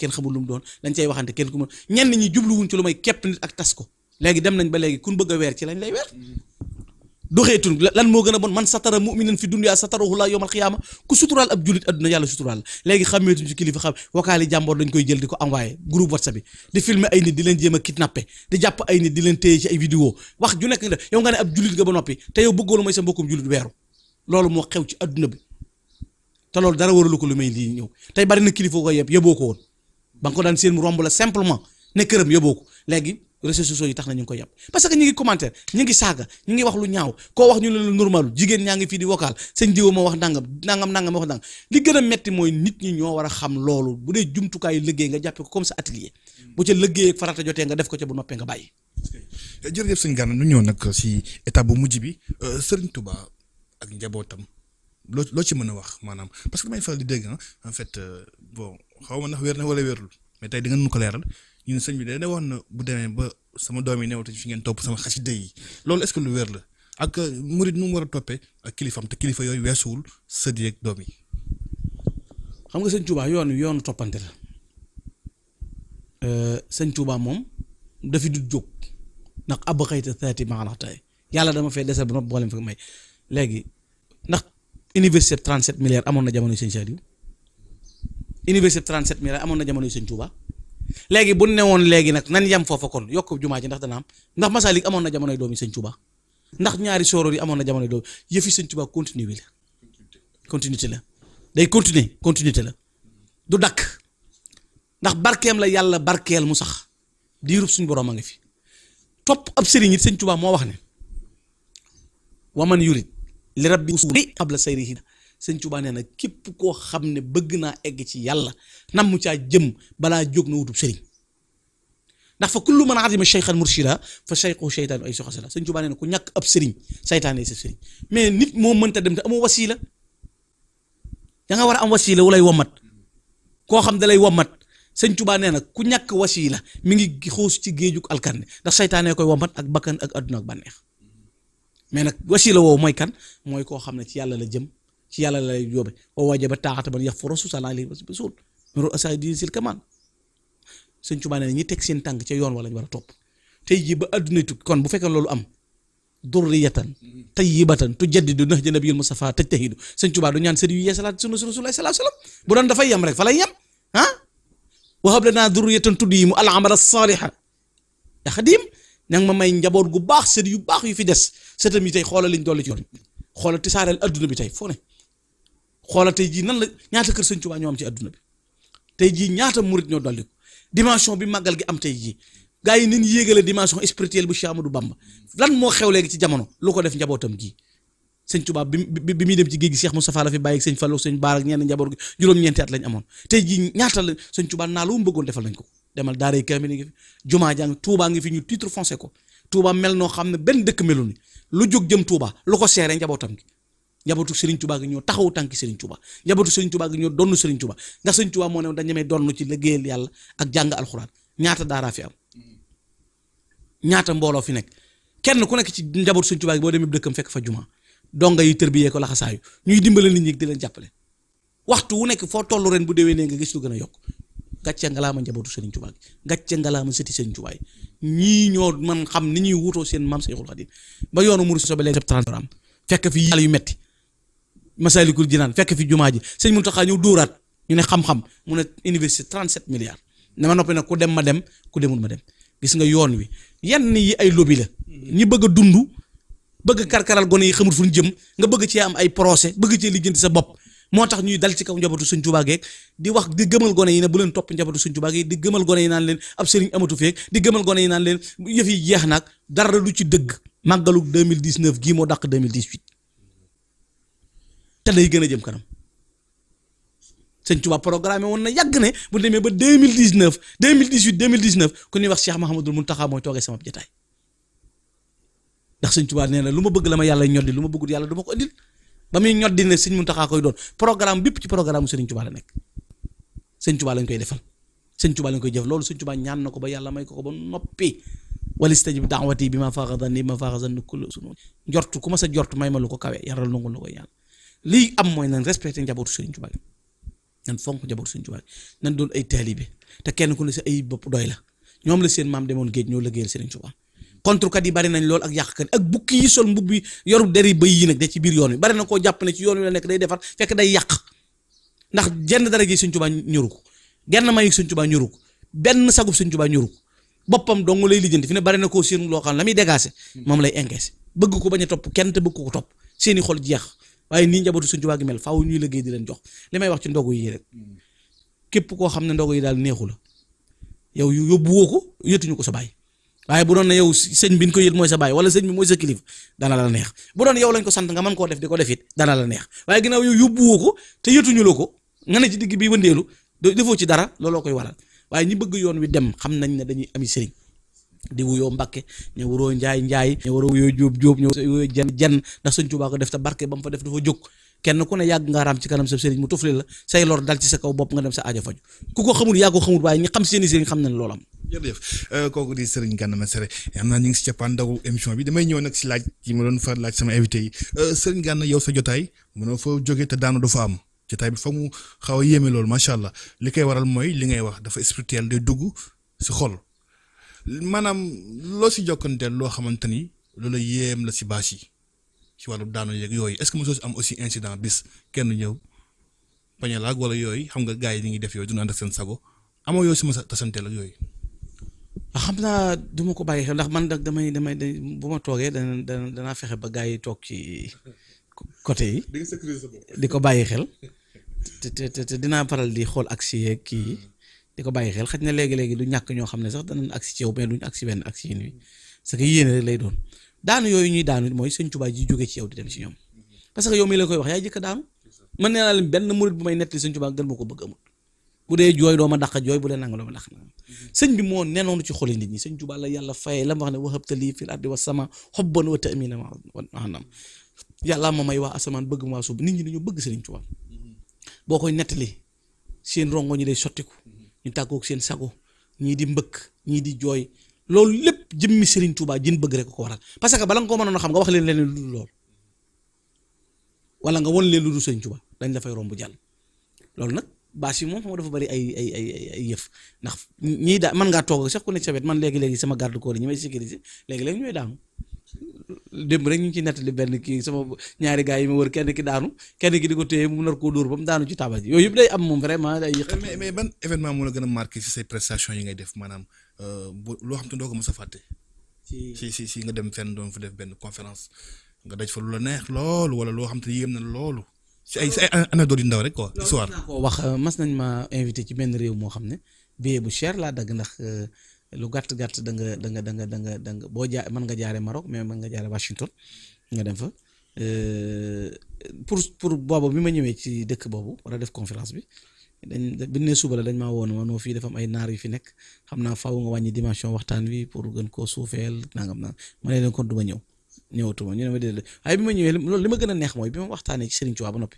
kenn xamul lu mu doon lañ cay waxante kenn ku ma ñenn ñi jubluwuñ ci lu may képp nit ak tas ko léegi dem nañ ba léegi kun bëgg weer ci lañ lay weer doxeetun lan moo gën a bon man satara muminan fi dunya satarahu laa yowmal xiyaama ku suturaal ab jullit adduna yàlla suturaal léegi xàmmeetuñ ci kilifa xam wakaali jàmboor dañ koy jël di ko envoyé groupe whatsapp bi di filmer ay nit di leen jéem a kidnappé di jàpp ay nit di leen téye ci ay vidéo wax ju nekk nga yow nga ne ab jullit nga ba noppi te yow bëggoolu mooy sa mbokkum jullit weeru loolu moo xew ci adduna bi te loolu dara waralu ko lu may lii ñëw tey bari na kilifa ko yëpp yóbboo ko woon ko daan seen mu romb la simplement ne këram yóbboo ko léegi réseaux sociaux yi tax na ñu ngi koy yàpp parce que ñu ngi commentaire ñu ngi saaga ñu ngi wax lu ñaaw koo wax ñu ne lu normal jigéen ñaa ngi fii di vocal seen jiw ma wax ndàngam ndàngam ndàngam wax ndàngam li gën a metti mooy nit ñi ñoo war a xam loolu bu dee jumtukaayu liggéey nga jàppe ko comme sa atelier bu ca liggéey ak farata jotee nga def ko ca bu noppee nga bàyyi. jërëjëf sëñ Gana lu ñëw nag si état bu mujj bi euh, Serigne Touba ak njabootam loo loo ci mën a wax maanaam parce que damay di dégg ah, en fait euh, bon xaw ma ndax wér na wala wérul mais tey di nga nu ko leeral ñun sëñ bi dana wax na bu demee ba sama doom yi newatuñ fi ngeen topp sama xasida yi loolu lu wér la ak euh, murid nu war a toppee ak kilifam te kilifa yooyu weesuwul sët yi ak xam nga sëñ yoon yoonu toppante la euh, sëñ Touba moom dafi du jóg ndax ab xayta taati maanaam tey yàlla dama fee desal bu noppi boolem fi may léegi ndax université 37 milliards amoon na jamono sëñ Saliou université 37 milliards amoon na jamono sëñ Touba. léegi bu ne woon léegi nag nan yem foofa kon yokk jumaa ji ndax dana am ndax Masalik amoon na jamonoy doomi Sëñ Tuba ndax ñaari sooroor yi amoon na jamonoy doomi yëfi Sëñ Tuba continue bi la continuité la day continuer continuité la du dakk ndax barkeem la yàlla barkeel mu sax diirub suñ borom a ngi fi topp ab sëriñ it Sëñ Tuba moo wax ne waman yurid li rabbi usuli qabla sayrihi sëñ Tuubaa nee na képp koo xam ne bëgg naa egg ci yàlla nam mu caa jëm balaa jóg na wutub sëriñ ndax fa kullu man azima cheikhan murshida fa cheikhu cheytaan ay soxasala sëñ Tuubaa nee na ku ñàkk ab sëriñ saytaane sa mais nit moo mënta dem te amoo wasila da nga war a am wasila wu lay womat koo xam da lay womat sëñ Tuubaa nee na ku ñàkk wasila mi ngi xuus ci géejug alkande ndax saytaane koy womat ak bakkan ak adduna ak bànneex mais nag wasila woowu mooy kan mooy koo xam ne ci yàlla la jëm ci yàlla lay yóbbe wa wajaba taaxata man yax fa rasu sala alayhi wa suul mro asa di sil kaman sëñ Tuubaa nee na ñi teg seen tànk ca yoon wala ñu war a topp tey jii ba àdduna tukki kon bu fekkee loolu am durriyatan tayyibatan tujaddidu nahja nabiyil Mustafa tajtahidu sëñ Tuubaa du ñaan sëriñ yu yeesalaat sunna su Rasulullah sallallahu alayhi wa sallam bu doon dafay yem rek fa lay yem ah wahab lanaa durriyatan tuddiimu al amala saaliha ya xadim nang ma may njaboot gu baax sët yu baax yu fi des sëtam yi tey xoolal liñ dolli ci yoon xoolal tisaareel àdduna bi tey foo xoolal tey jii nan la ñaata kër sëñ Tuubaa ñoo am ci adduna bi tey jii ñaata murit ñoo dolli ko dimension bi màggal gi am tey jii gaa yi nañ yéegale dimension spirituelle bu Cheikh Amadou Bamba lan moo xew léegi ci jamono lu ko def njabootam gii sëñ Tuubaa bi bi muy dem ci géej gi Cheikh Moustapha la fi sëñ Fallou sëñ Baar njaboot gi juróom-ñeenti amoon tey jii ñaata la sëñ Tuubaa naa lu mu bëggoon defal ko demal daaray kaamil ngi fi jumaa jàng Tuubaa ngi fi ñu titre foncé ko Tuubaa mel noo xam ne benn dëkk melu ni lu jóg jëm Tuubaa lu ko seere njabootam gi njabootu Serigne Touba ñoo taxawu tànki Serigne Touba njabootu Serigne Touba gi ñoo donn Serigne Touba ndax Serigne Touba moo ne dañ ñemee donn ci liggéeyal yàlla ak jàng alxuraan ñaata daaraa fi am ñaata mbooloo fi nekk kenn ku nekk ci njabootu Serigne Touba gi boo demee dëkkam fekk fa juma donga yi tërbiyee ko laxasaayu ñuy dimbale nit ñi di leen jàppale waxtu wu nekk foo toll ren bu déwee nee nga gis lu gën a yokk gàcce ngalaama njabootu Serigne Touba gi gàcce ngalaama sëti Serigne Touba yi ñii ñoo man xam ni ñuy wutoo seen maam Seexul Xadiim ba yoonu Mourou Sobel 30 fekk fi yàlla yu metti Masaalikul naan fekk fi jumaa ji sëñ Muntaxa ñëw dóoraat ñu ne xam-xam mu ne université 37 milliards ne ma noppi nag ku dem ma dem ku demul ma dem gis nga yoon wi yenn yi ay lobby la ñi bëgg a dund bëgg karkaral gone yi xamul fu ñu jëm nga bëgg cee am ay procès bëgg cee lijjanti sa bopp moo tax ñuy dal ci kaw njabootu Sëñ Tuubaa geek di wax di gëmal gone yi ne bu leen topp njabootu Sëñ naan leen ab sëriñ amatu feek di gëmal gone yi naan leen yëf yi jeex nag dara du ci dëgg màggalu 2019 gii te day gën a jëm kanam sëñ Tuubaa programme woon na yàgg ne bu demee ba deux mille dix neuf deux mille dix huit deux mille dix neuf ku ñuy wax Cheikh Mahamadul Muntaxa mooy toogee sama jotaay ndax sëñ Tuubaa nee na lu ma bëgg la ma yàlla ñoddi lu ma bëggul yàlla du ma ko indil ba muy ñoddi ne sëñ Muntaxa koy doon programme bépp ci programme Sëriñ Tuubaa la nekk sëñ Tuubaa lañ koy defal sëñ Tuubaa lañ koy jëf loolu sëñ Tuubaa ñaan na ko ba yàlla may ko ko ba noppi bi ma faaxa zanni ma faaxa zanni kullu ma sa njortu may ma lu ko kawe yàlla nangul lii am mooy nan respecté njabootu Serigne Touba gi nan fonk njabootu Serigne Touba gi nan doon ay taalibe te kenn ku ne sa ay bopp doy la ñoom la seen maam demoon géej ñoo liggéeyal Serigne Touba contrekat yi bari nañ lool ak yàqkat ak bukki yi sol mbubbi yoru deri bëy yi nag da ci biir yoon wi bari na koo jàpp ci yoon wi la nekk day defar fekk day yàq ndax jenn dara ji Serigne Touba ñoru ko genn may Serigne Touba ñoru ko benn sagub Serigne Touba ñoru ko boppam dong lay lijjanti fi ne bari na koo seen loo xam la muy dégaase moom lay encaissé bëgg ko bañ topp kenn te bëgg ko topp seeni xol jeex waaye nii njabootu Sëñ Tuubaa gi mel faaw ñuy liggéey di leen jox li may wax ci ndogu yi rek hmm. képp koo xam ne ndogu yi daal neexu la yow yóbbu woo ko yëttuñu ko sa baay waaye bu doon ne yow sëñ bi ñu ko yët mooy sa baay wala sëñ bi mooy sa kilifa dana la neex bu doon yow lañ ko sant nga mën koo def di ko def dana la neex waaye ginnaaw yow yóbbu woo ko te yëtuñu la ko nga ne ci digg bi wëndeelu defoo ci dara looloo koy waral waaye ñi bëgg yoon wi dem xam nañ ne dañuy ami sëriñ di wuyoo Mbàkke ñu waroo njaay njaay ñu waroo wuyoo jóob jóob ñu jan jan ndax sëñ Tuubaa ko def te barke ba fa def dafa jóg kenn ku ne yàgg nga raam ci kanam sa sëriñ mu tufli la say lor dal ci sa kaw bopp nga dem sa aajo faju ku ko xamul yaa ko xamul waaye ñi xam seeni sëriñ xam nañ loolam jërëjëf euh, kooku di Serigne Gana Messere xam naa ñu ngi si cappaandawu émission bi damay ñëw nag si laaj yi ma doon far laaj sama invité yi euh, yow sa jotaay mënoo fa jóge te daanu du fa am jotaay bi fa mu xaw a yéeme loolu macha allah li koy waral mooy li ngay wax dafa spirituel day dugg si xol. maanaam loo si jokkanteel loo xamante ni loolu yéem la si bâche yi si wàllu daanu yeeg yooyu est-ce que si am aussi incident bis kenn ñëw bañ a wala yooyu xam nga gars yi ñu ngi def yooyu dunaa ñu ànd ak seen sago amoo yooyu si ma tasanteel yooyu yooyu. xam naa du ma ko bàyyi xel ndax man nag damay damay bu ma toogee dana dana danaa fexe ba gars yi toog ci côté yi. di ko bàyyi xel. te te te dinaa faral di xool ak si yeeg kii di ko bàyyi xel xaj na léegi-léegi du ñàkk ñoo xam ne sax danañ agsi ci yow mais duñ agsi benn agsi yéen wi parce que yéene rek lay doon daanu yooyu ñuy daanu mooy sëñ Tuubaa ji jóge la koy wax yaay jëkk daanu man ma la yàlla wax wa sama xobban wa tamina maanaam yàlla boo koy nettali seen rongo ñi day sottiku ñu tàggoog seen sago ñii di mbëkk ñii di jooy loolu lépp mi Serigne tubaa jën bëgg rek ko waral parce que bala nga ko mënoon a xam nga wax leen leneen lu dul lool wala nga won leen lu dul Serigne dañ dafay romb jàll loolu nag bâche yi moom xam dafa bari ay ay ay ay yëf ndax ñii daa mën ngaa toog sax ku nekk sa man léegi-léegi sama garde corps yi ñi may sécuriser léegi-léegi ñooy daanu. démb rek ñu ngi ciy nettali benn kii sama ñaari gars yi ma wër kenn ki daanu kenn ki di ko téye mu nar koo dóor ba mu daanu ci taabal ji yooyu yëpp day am moom vraiment day yëq. mais mais a euh, loo xam te doo ko mos a fàtte. si nga dem fenn doon def benn conférence nga daj neex loolu wala loo xam te yéem na loolu. si ay si ay anecdote yu ndaw rek quoi. histoire loolu wax euh, mas nañ ma invité ci benn réew moo xam ne billet bu cher laa dagg ndax. Euh, lu gàtt gàtt da nga da nga da nga da nga boo jaa man nga jaare Maroc mais mën nga jaaree Washington nga dem fa euh, pour pour boobu bi ma ñëwee ci dëkk boobu war a def conférence bi dañ biñ ne suba woon noo fii dafa ay naar yu fi nekk xam naa faaw wàññi dimension waxtaan wi pour gën koo suufeel nangam naan ma ma ñëw ñëwatuma ñu ne ma déedéet waaye bi ma ñëwee loolu li ma gën a neex mooy bi ma waxtaanee ci Serigne Touba ba noppi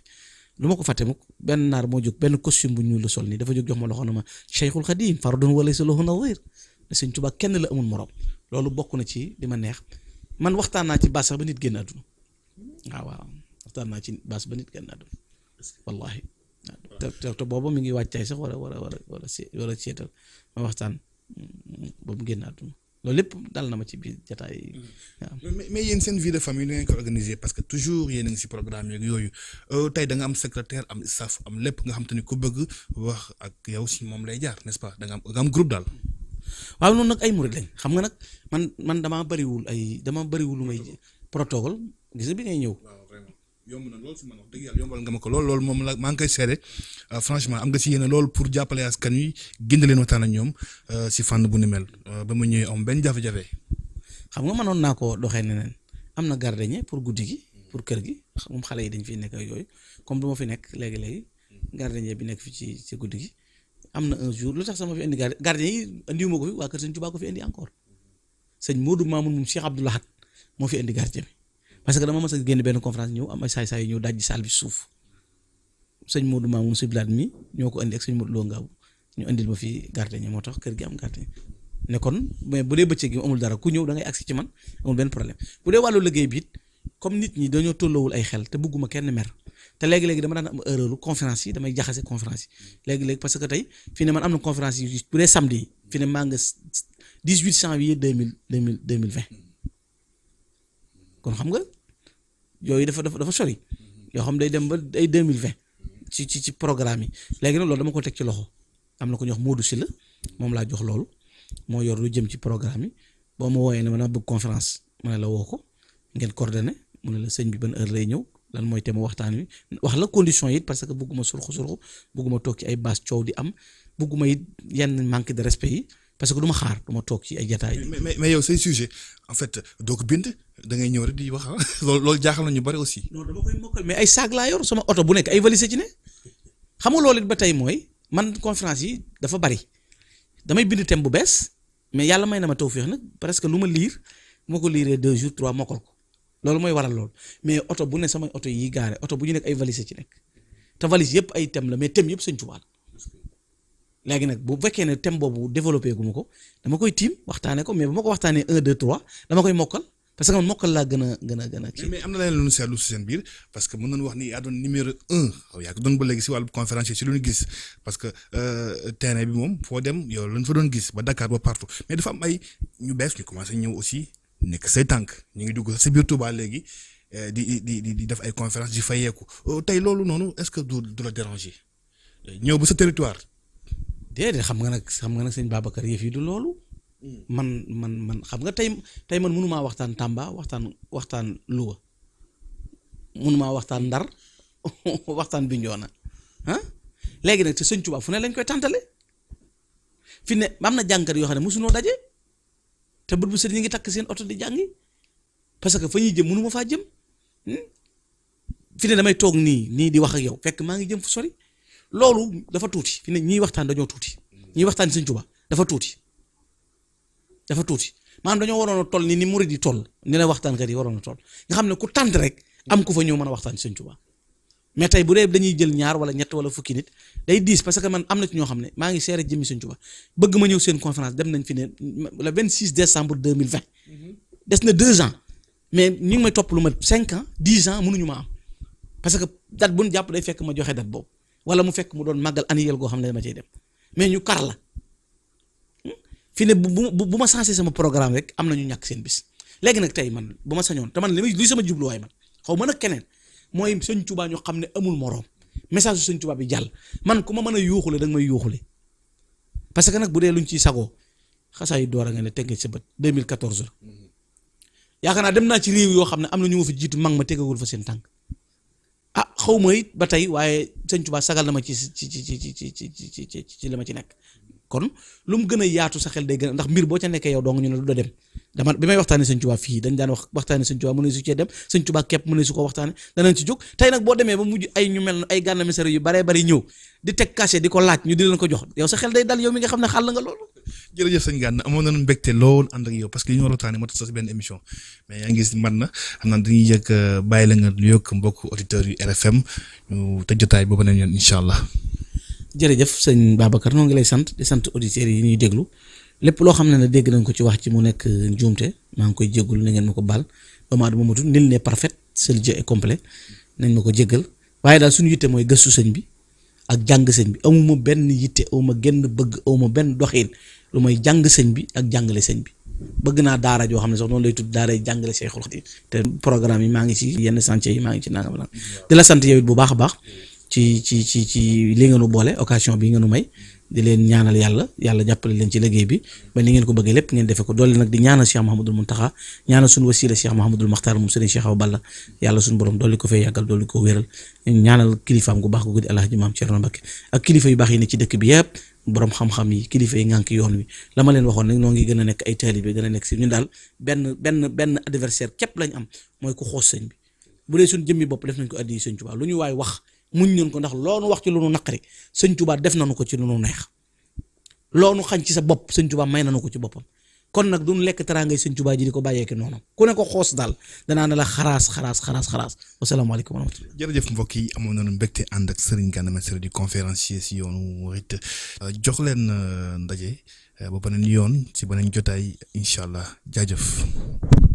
lu ma ko fàtte mukk benn naar moo jóg benn costume bu ñuul sol nii dafa jóg jox ma loxo na ma Cheikhul Khadim fardun wa laysa lahu nadhir ne sëñ Tuubaa kenn la amul morom loolu bokk na ci li ma neex man waxtaan naa ci baas ba nit génn àdduna waaw waaw waxtaan naa ci baas ba nit génn àdduna wallaahi te te booba mi ngi wàccaay sax wala wala wala wala si wala seetal ma waxtaan mm, ba mu génn àdduna loolu lépp dal na ma ci biir jataay yi. mais mais yéen seen vie de famille parce que toujours yéen si programme yeeg yooyu euh, tey danga am secrétaire am staff am lépp nga xam te ni ku bëgg wax ak yow si moom lay jaar n'est-ce pas am da am groupe daal. waaw noonu nag ay murit lañ xam nga nag man man damaa bariwul ay dama bëriwul lu may protocole gis nga bi ngay ñëw. yomb na lool si man wax dëgg yàlla nga ma ko lool loolu moom la maa ngi koy seede euh, franchement am nga si yéene lool pour jàppale askan wi gindi leen waxtaan ak ñoom euh, si fànn bu ni mel euh, ba ma ñëwee am benn jafe-jafe. xam nga mënoon naa ko doxee neneen am na gardien pour guddi gi pour kër gi moom xale yi dañ fi nekk ak yooyu comme du ma fi nekk léegi léegi gardien bi nekk fi ci ci guddi gi am na un jour lu tax sama fi indi gardien yi indiwuma ko fi waa kër sëñ Tuubaa ko fi indi encore sëñ Modou Mamoun moo fi indi gardien parce que dama mës a génn benn conférence ñëw am ay saay-saay yu ñëw bi suuf sëñ Modou Mamoun si bilaat mi ñoo ko indi ak sëñ loo Lo Ngaabu ñu indil ma fi gardien ñi moo tax kër gi am gardien ne kon mais bu dee bëccëg gi amul dara ku ñëw dangay ngay agsi ci man amul benn problème bu dee wàllu liggéey bi comme nit ñi dañoo tolloowul ay xel te bëgguma kenn mer te léegi-léegi dama daan am erreur conférence yi damay jaxase conférence yi léegi-léegi parce que tey fii ne man am na conférence yu bu dee samedi yi fii ne maa nga 18 janvier 2000 2000 2020 kon xam nga yooyu dafa dafa dafa sori yoo xam day dem ba ay 2020 ci ci ci programme yi léegi nag loolu dama ko teg ci loxo am na ko ñu wax Modou Sylla moom laa jox loolu moo yor lu jëm ci programme yi boo ma wooyee ne ma dama bëgg conférence ma ne la woo ko ngeen coordonné mu ne la sëñ bi ban heure lay lan mooy thème waxtaan wi wax la condition yi parce que bëgguma surxu surxu bëgguma toog ci ay baas coow di am bëgguma it yenn manque de respect yi parce que du xaar du toog ci ay jataay mais mais mais yow say fait doo bind da ngay ñëw rek di wax ah, loolu loolu jaaxal na ñu bari aussi. non dama koy mokkal mais ay saag laa yor sama oto bu nekk ay valise ci ne xam nga loolu it ba tey mooy man conférence yi dafa bari damay bind thème bu bees mais yàlla may na ma feex nag presque lu ma liir ma ko liiree deux jours trois mokkal ko. loolu mooy waral loolu mais oto bu ne samay oto yi gaare oto bu ñu nekk ay valise ci nekk te valise yëpp ay thème la mais thème yëpp Sëñ Tuubaa la léegi nag bu fekkee ne thème boobu développé gu ma ko dama koy tiim waxtaanee ko mais bu ko waxtaanee un deux koy mokkal parce que man laa gën a gën a gën a kii mais am na parce que mën nañu wax ni yaa doon numéro un yaa ko doon ba léegi si gis parce que euh, terrain bi moom foo dem yow lañ fa doon gis ba Dakar ba partout mais dafa am ay ñu bees ñu commencé ñëw aussi nekk say tànk ñu ngi dugg si biir Touba léegi eh, di di di di def ay conférence di fayeeku oh, tey loolu noonu est-ce que du du la déranger eh, ñëw ba sa territoire. déedéet xam nga nag xam nga nag sëñ Babacar yëf du loolu. Hmm. man man man xam nga tey tey man mënumaa waxtaan Tamba waxtaan waxtaan Louga mënumaa waxtaan Ndar waxtaan Bignona ah léegi nag te sëñ Touba fu ne lañ koy tàntale fi ne am na jànkat yoo xam ne mosunoo daje. te bët bu set ñi ngi takk seen oto di jàngi parce que fa ñuy jëm mënu ma faa jëm hmm? fi ne damay toog nii nii di wax ak yow fekk maa ngi jëm fu sori loolu dafa tuuti fi ne ñiy waxtaan dañoo tuuti ñiy waxtaan Sëñ Tuubaa dafa tuuti dafa tuuti maanaam dañoo a toll ni ni murid di toll ni la waxtaankat yi waroon a toll nga xam ne ku tànt rek am ku fa ñëw mën a waxtaan Sëñ Tuubaa mais tey bu dee dañuy jël ñaar wala ñett wala fukki nit day diis parce que man am na ñoo xam ne maa ngi seere jëmmi Sëñ Tuubaa bëgg ma ñëw seen conférence dem nañ fi ne le 26 décembre 2020 des na deux ans mais ñu ngi topp lu ma cinq ans dix ans mënuñu am parce que date bu jàpp day fekk ma joxe date boobu wala mu fekk mu doon màggal annuel goo xam ne dama cey dem mais ñu kar la fi ne bu bu bu ma sensé sama programme rek am na ñu ñàkk seen bis léegi nag tey man bu ma sañoon te man li sama jubluwaay man xaw ma nag keneen. mooy sëñ Tuubaa ñu xam ne amul moroom message su sëñ bi jàll man ku ma mën a yuuxule da may yuuxule parce que nag bu dee luñ ciy sagoo xasaa yi door a nga ne teg sa bët sa bët 2014 la yaakaar naa dem naa ci réew yoo xam ne am na ñu ma fi jiitu mag ma tegagul fa seen tànk ah xaw ma it ba tey waaye sëñ Tuubaa sagal na ma ci ci ci ci ci ci ci ci ci li ma ci nekk kon lu mu gën a yaatu sa xel day gën a ndax mbir boo ca nekkee yow dong ñu ne du dem dama bi may waxtaane sëñ Tuubaa fii dañ daan wax waxtaane sëñ Tuubaa mën na su cee dem sëñ Tuubaa képp mën na su ko waxtaane danañ ci jóg tey nag boo demee ba mujj ay ñu mel ay gànna mesere yu baree bari ñëw di teg cachet di ko laaj ñu di leen ko jox yow sa xel day dal yow mi nga xam ne xàll nga loolu jërëjëf sëñ Gana amoon nañu mbégte lool ànd ak yow parce que li ñu war a waxtaanee moo tax sax benn émission mais yaa ngi gis man na xam naa dañuy yëg bàyyi la nga yokk mbokk auditeurs yu RFM ñu tëj jotaay boobu neen yoon incha allah jërëjëf sëñ Babacar noo ngi lay sant di sant yi ñuy déglu lépp loo xam ne ne dégg nañ ko ci wax ci mu nekk njuumte maa ngi koy jéggul na ngeen ma ko baal doomu aadama matul nil ne parfait seul Dieu nañ ma ko jéggal waaye daal suñu yitte mooy gëstu sëñ bi ak jàng sëñ bi amuma benn yitte amuma genn bëgg amuma benn doxiin lu mooy jàng sëñ bi ak jàngale sëñ bi bëgg naa daara joo xam ne sax noonu lay tudd daara jàngale Cheikhul Khadim te programme yi maa ngi ci yenn chantier yi maa ngi ci nangam la di la sant yow bu baax a baax ci ci ci li ngeenu boole occasion bi ngeenu may di leen ñaanal yàlla yàlla jàppale leen ci liggéey bi ba ni ngeen ko bëggee lépp ngeen defe ko doole nag di ñaanal Cheikh Mahamadul Muntaxa ñaanal suñu ñaanal kilifaam gu baax gu di Alaaji Maam Cerno Mbakke ak kilifa yu baax yi ne ci dëkk bi yëpp borom xam-xam yi kilifa yi ngànk yoon wi la ma leen waxoon nag noo ngi gën a nekk ay taalibe gën a nekk si ñun daal benn benn adversaire képp lañ am mooy ku xoos sëñ bi bu dee suñ jëmmi muñ leen ko ndax loonu wax ci lu nu naqari sëñ Tuubaa def nañu ko ci lu nu neex loonu xañ ci sa bopp sëñ Tuubaa may nañu ko ci boppam kon nag du duñ lekk teraangay sëñ Tuubaa ji di ko bàyyeeke noonu ku ne ko xoos daal danaa ne la xaraas xaraas xaraas xaraas wasalaamaaleykum wa jërëjëf mbokk yi amoon nañu mbégte ànd ak Serigne Gana Messere di conférencier si yoonu Mouride euh, jox leen euh, ndaje euh, ba beneen yoon si beneen jotaay incha allah jaajëf.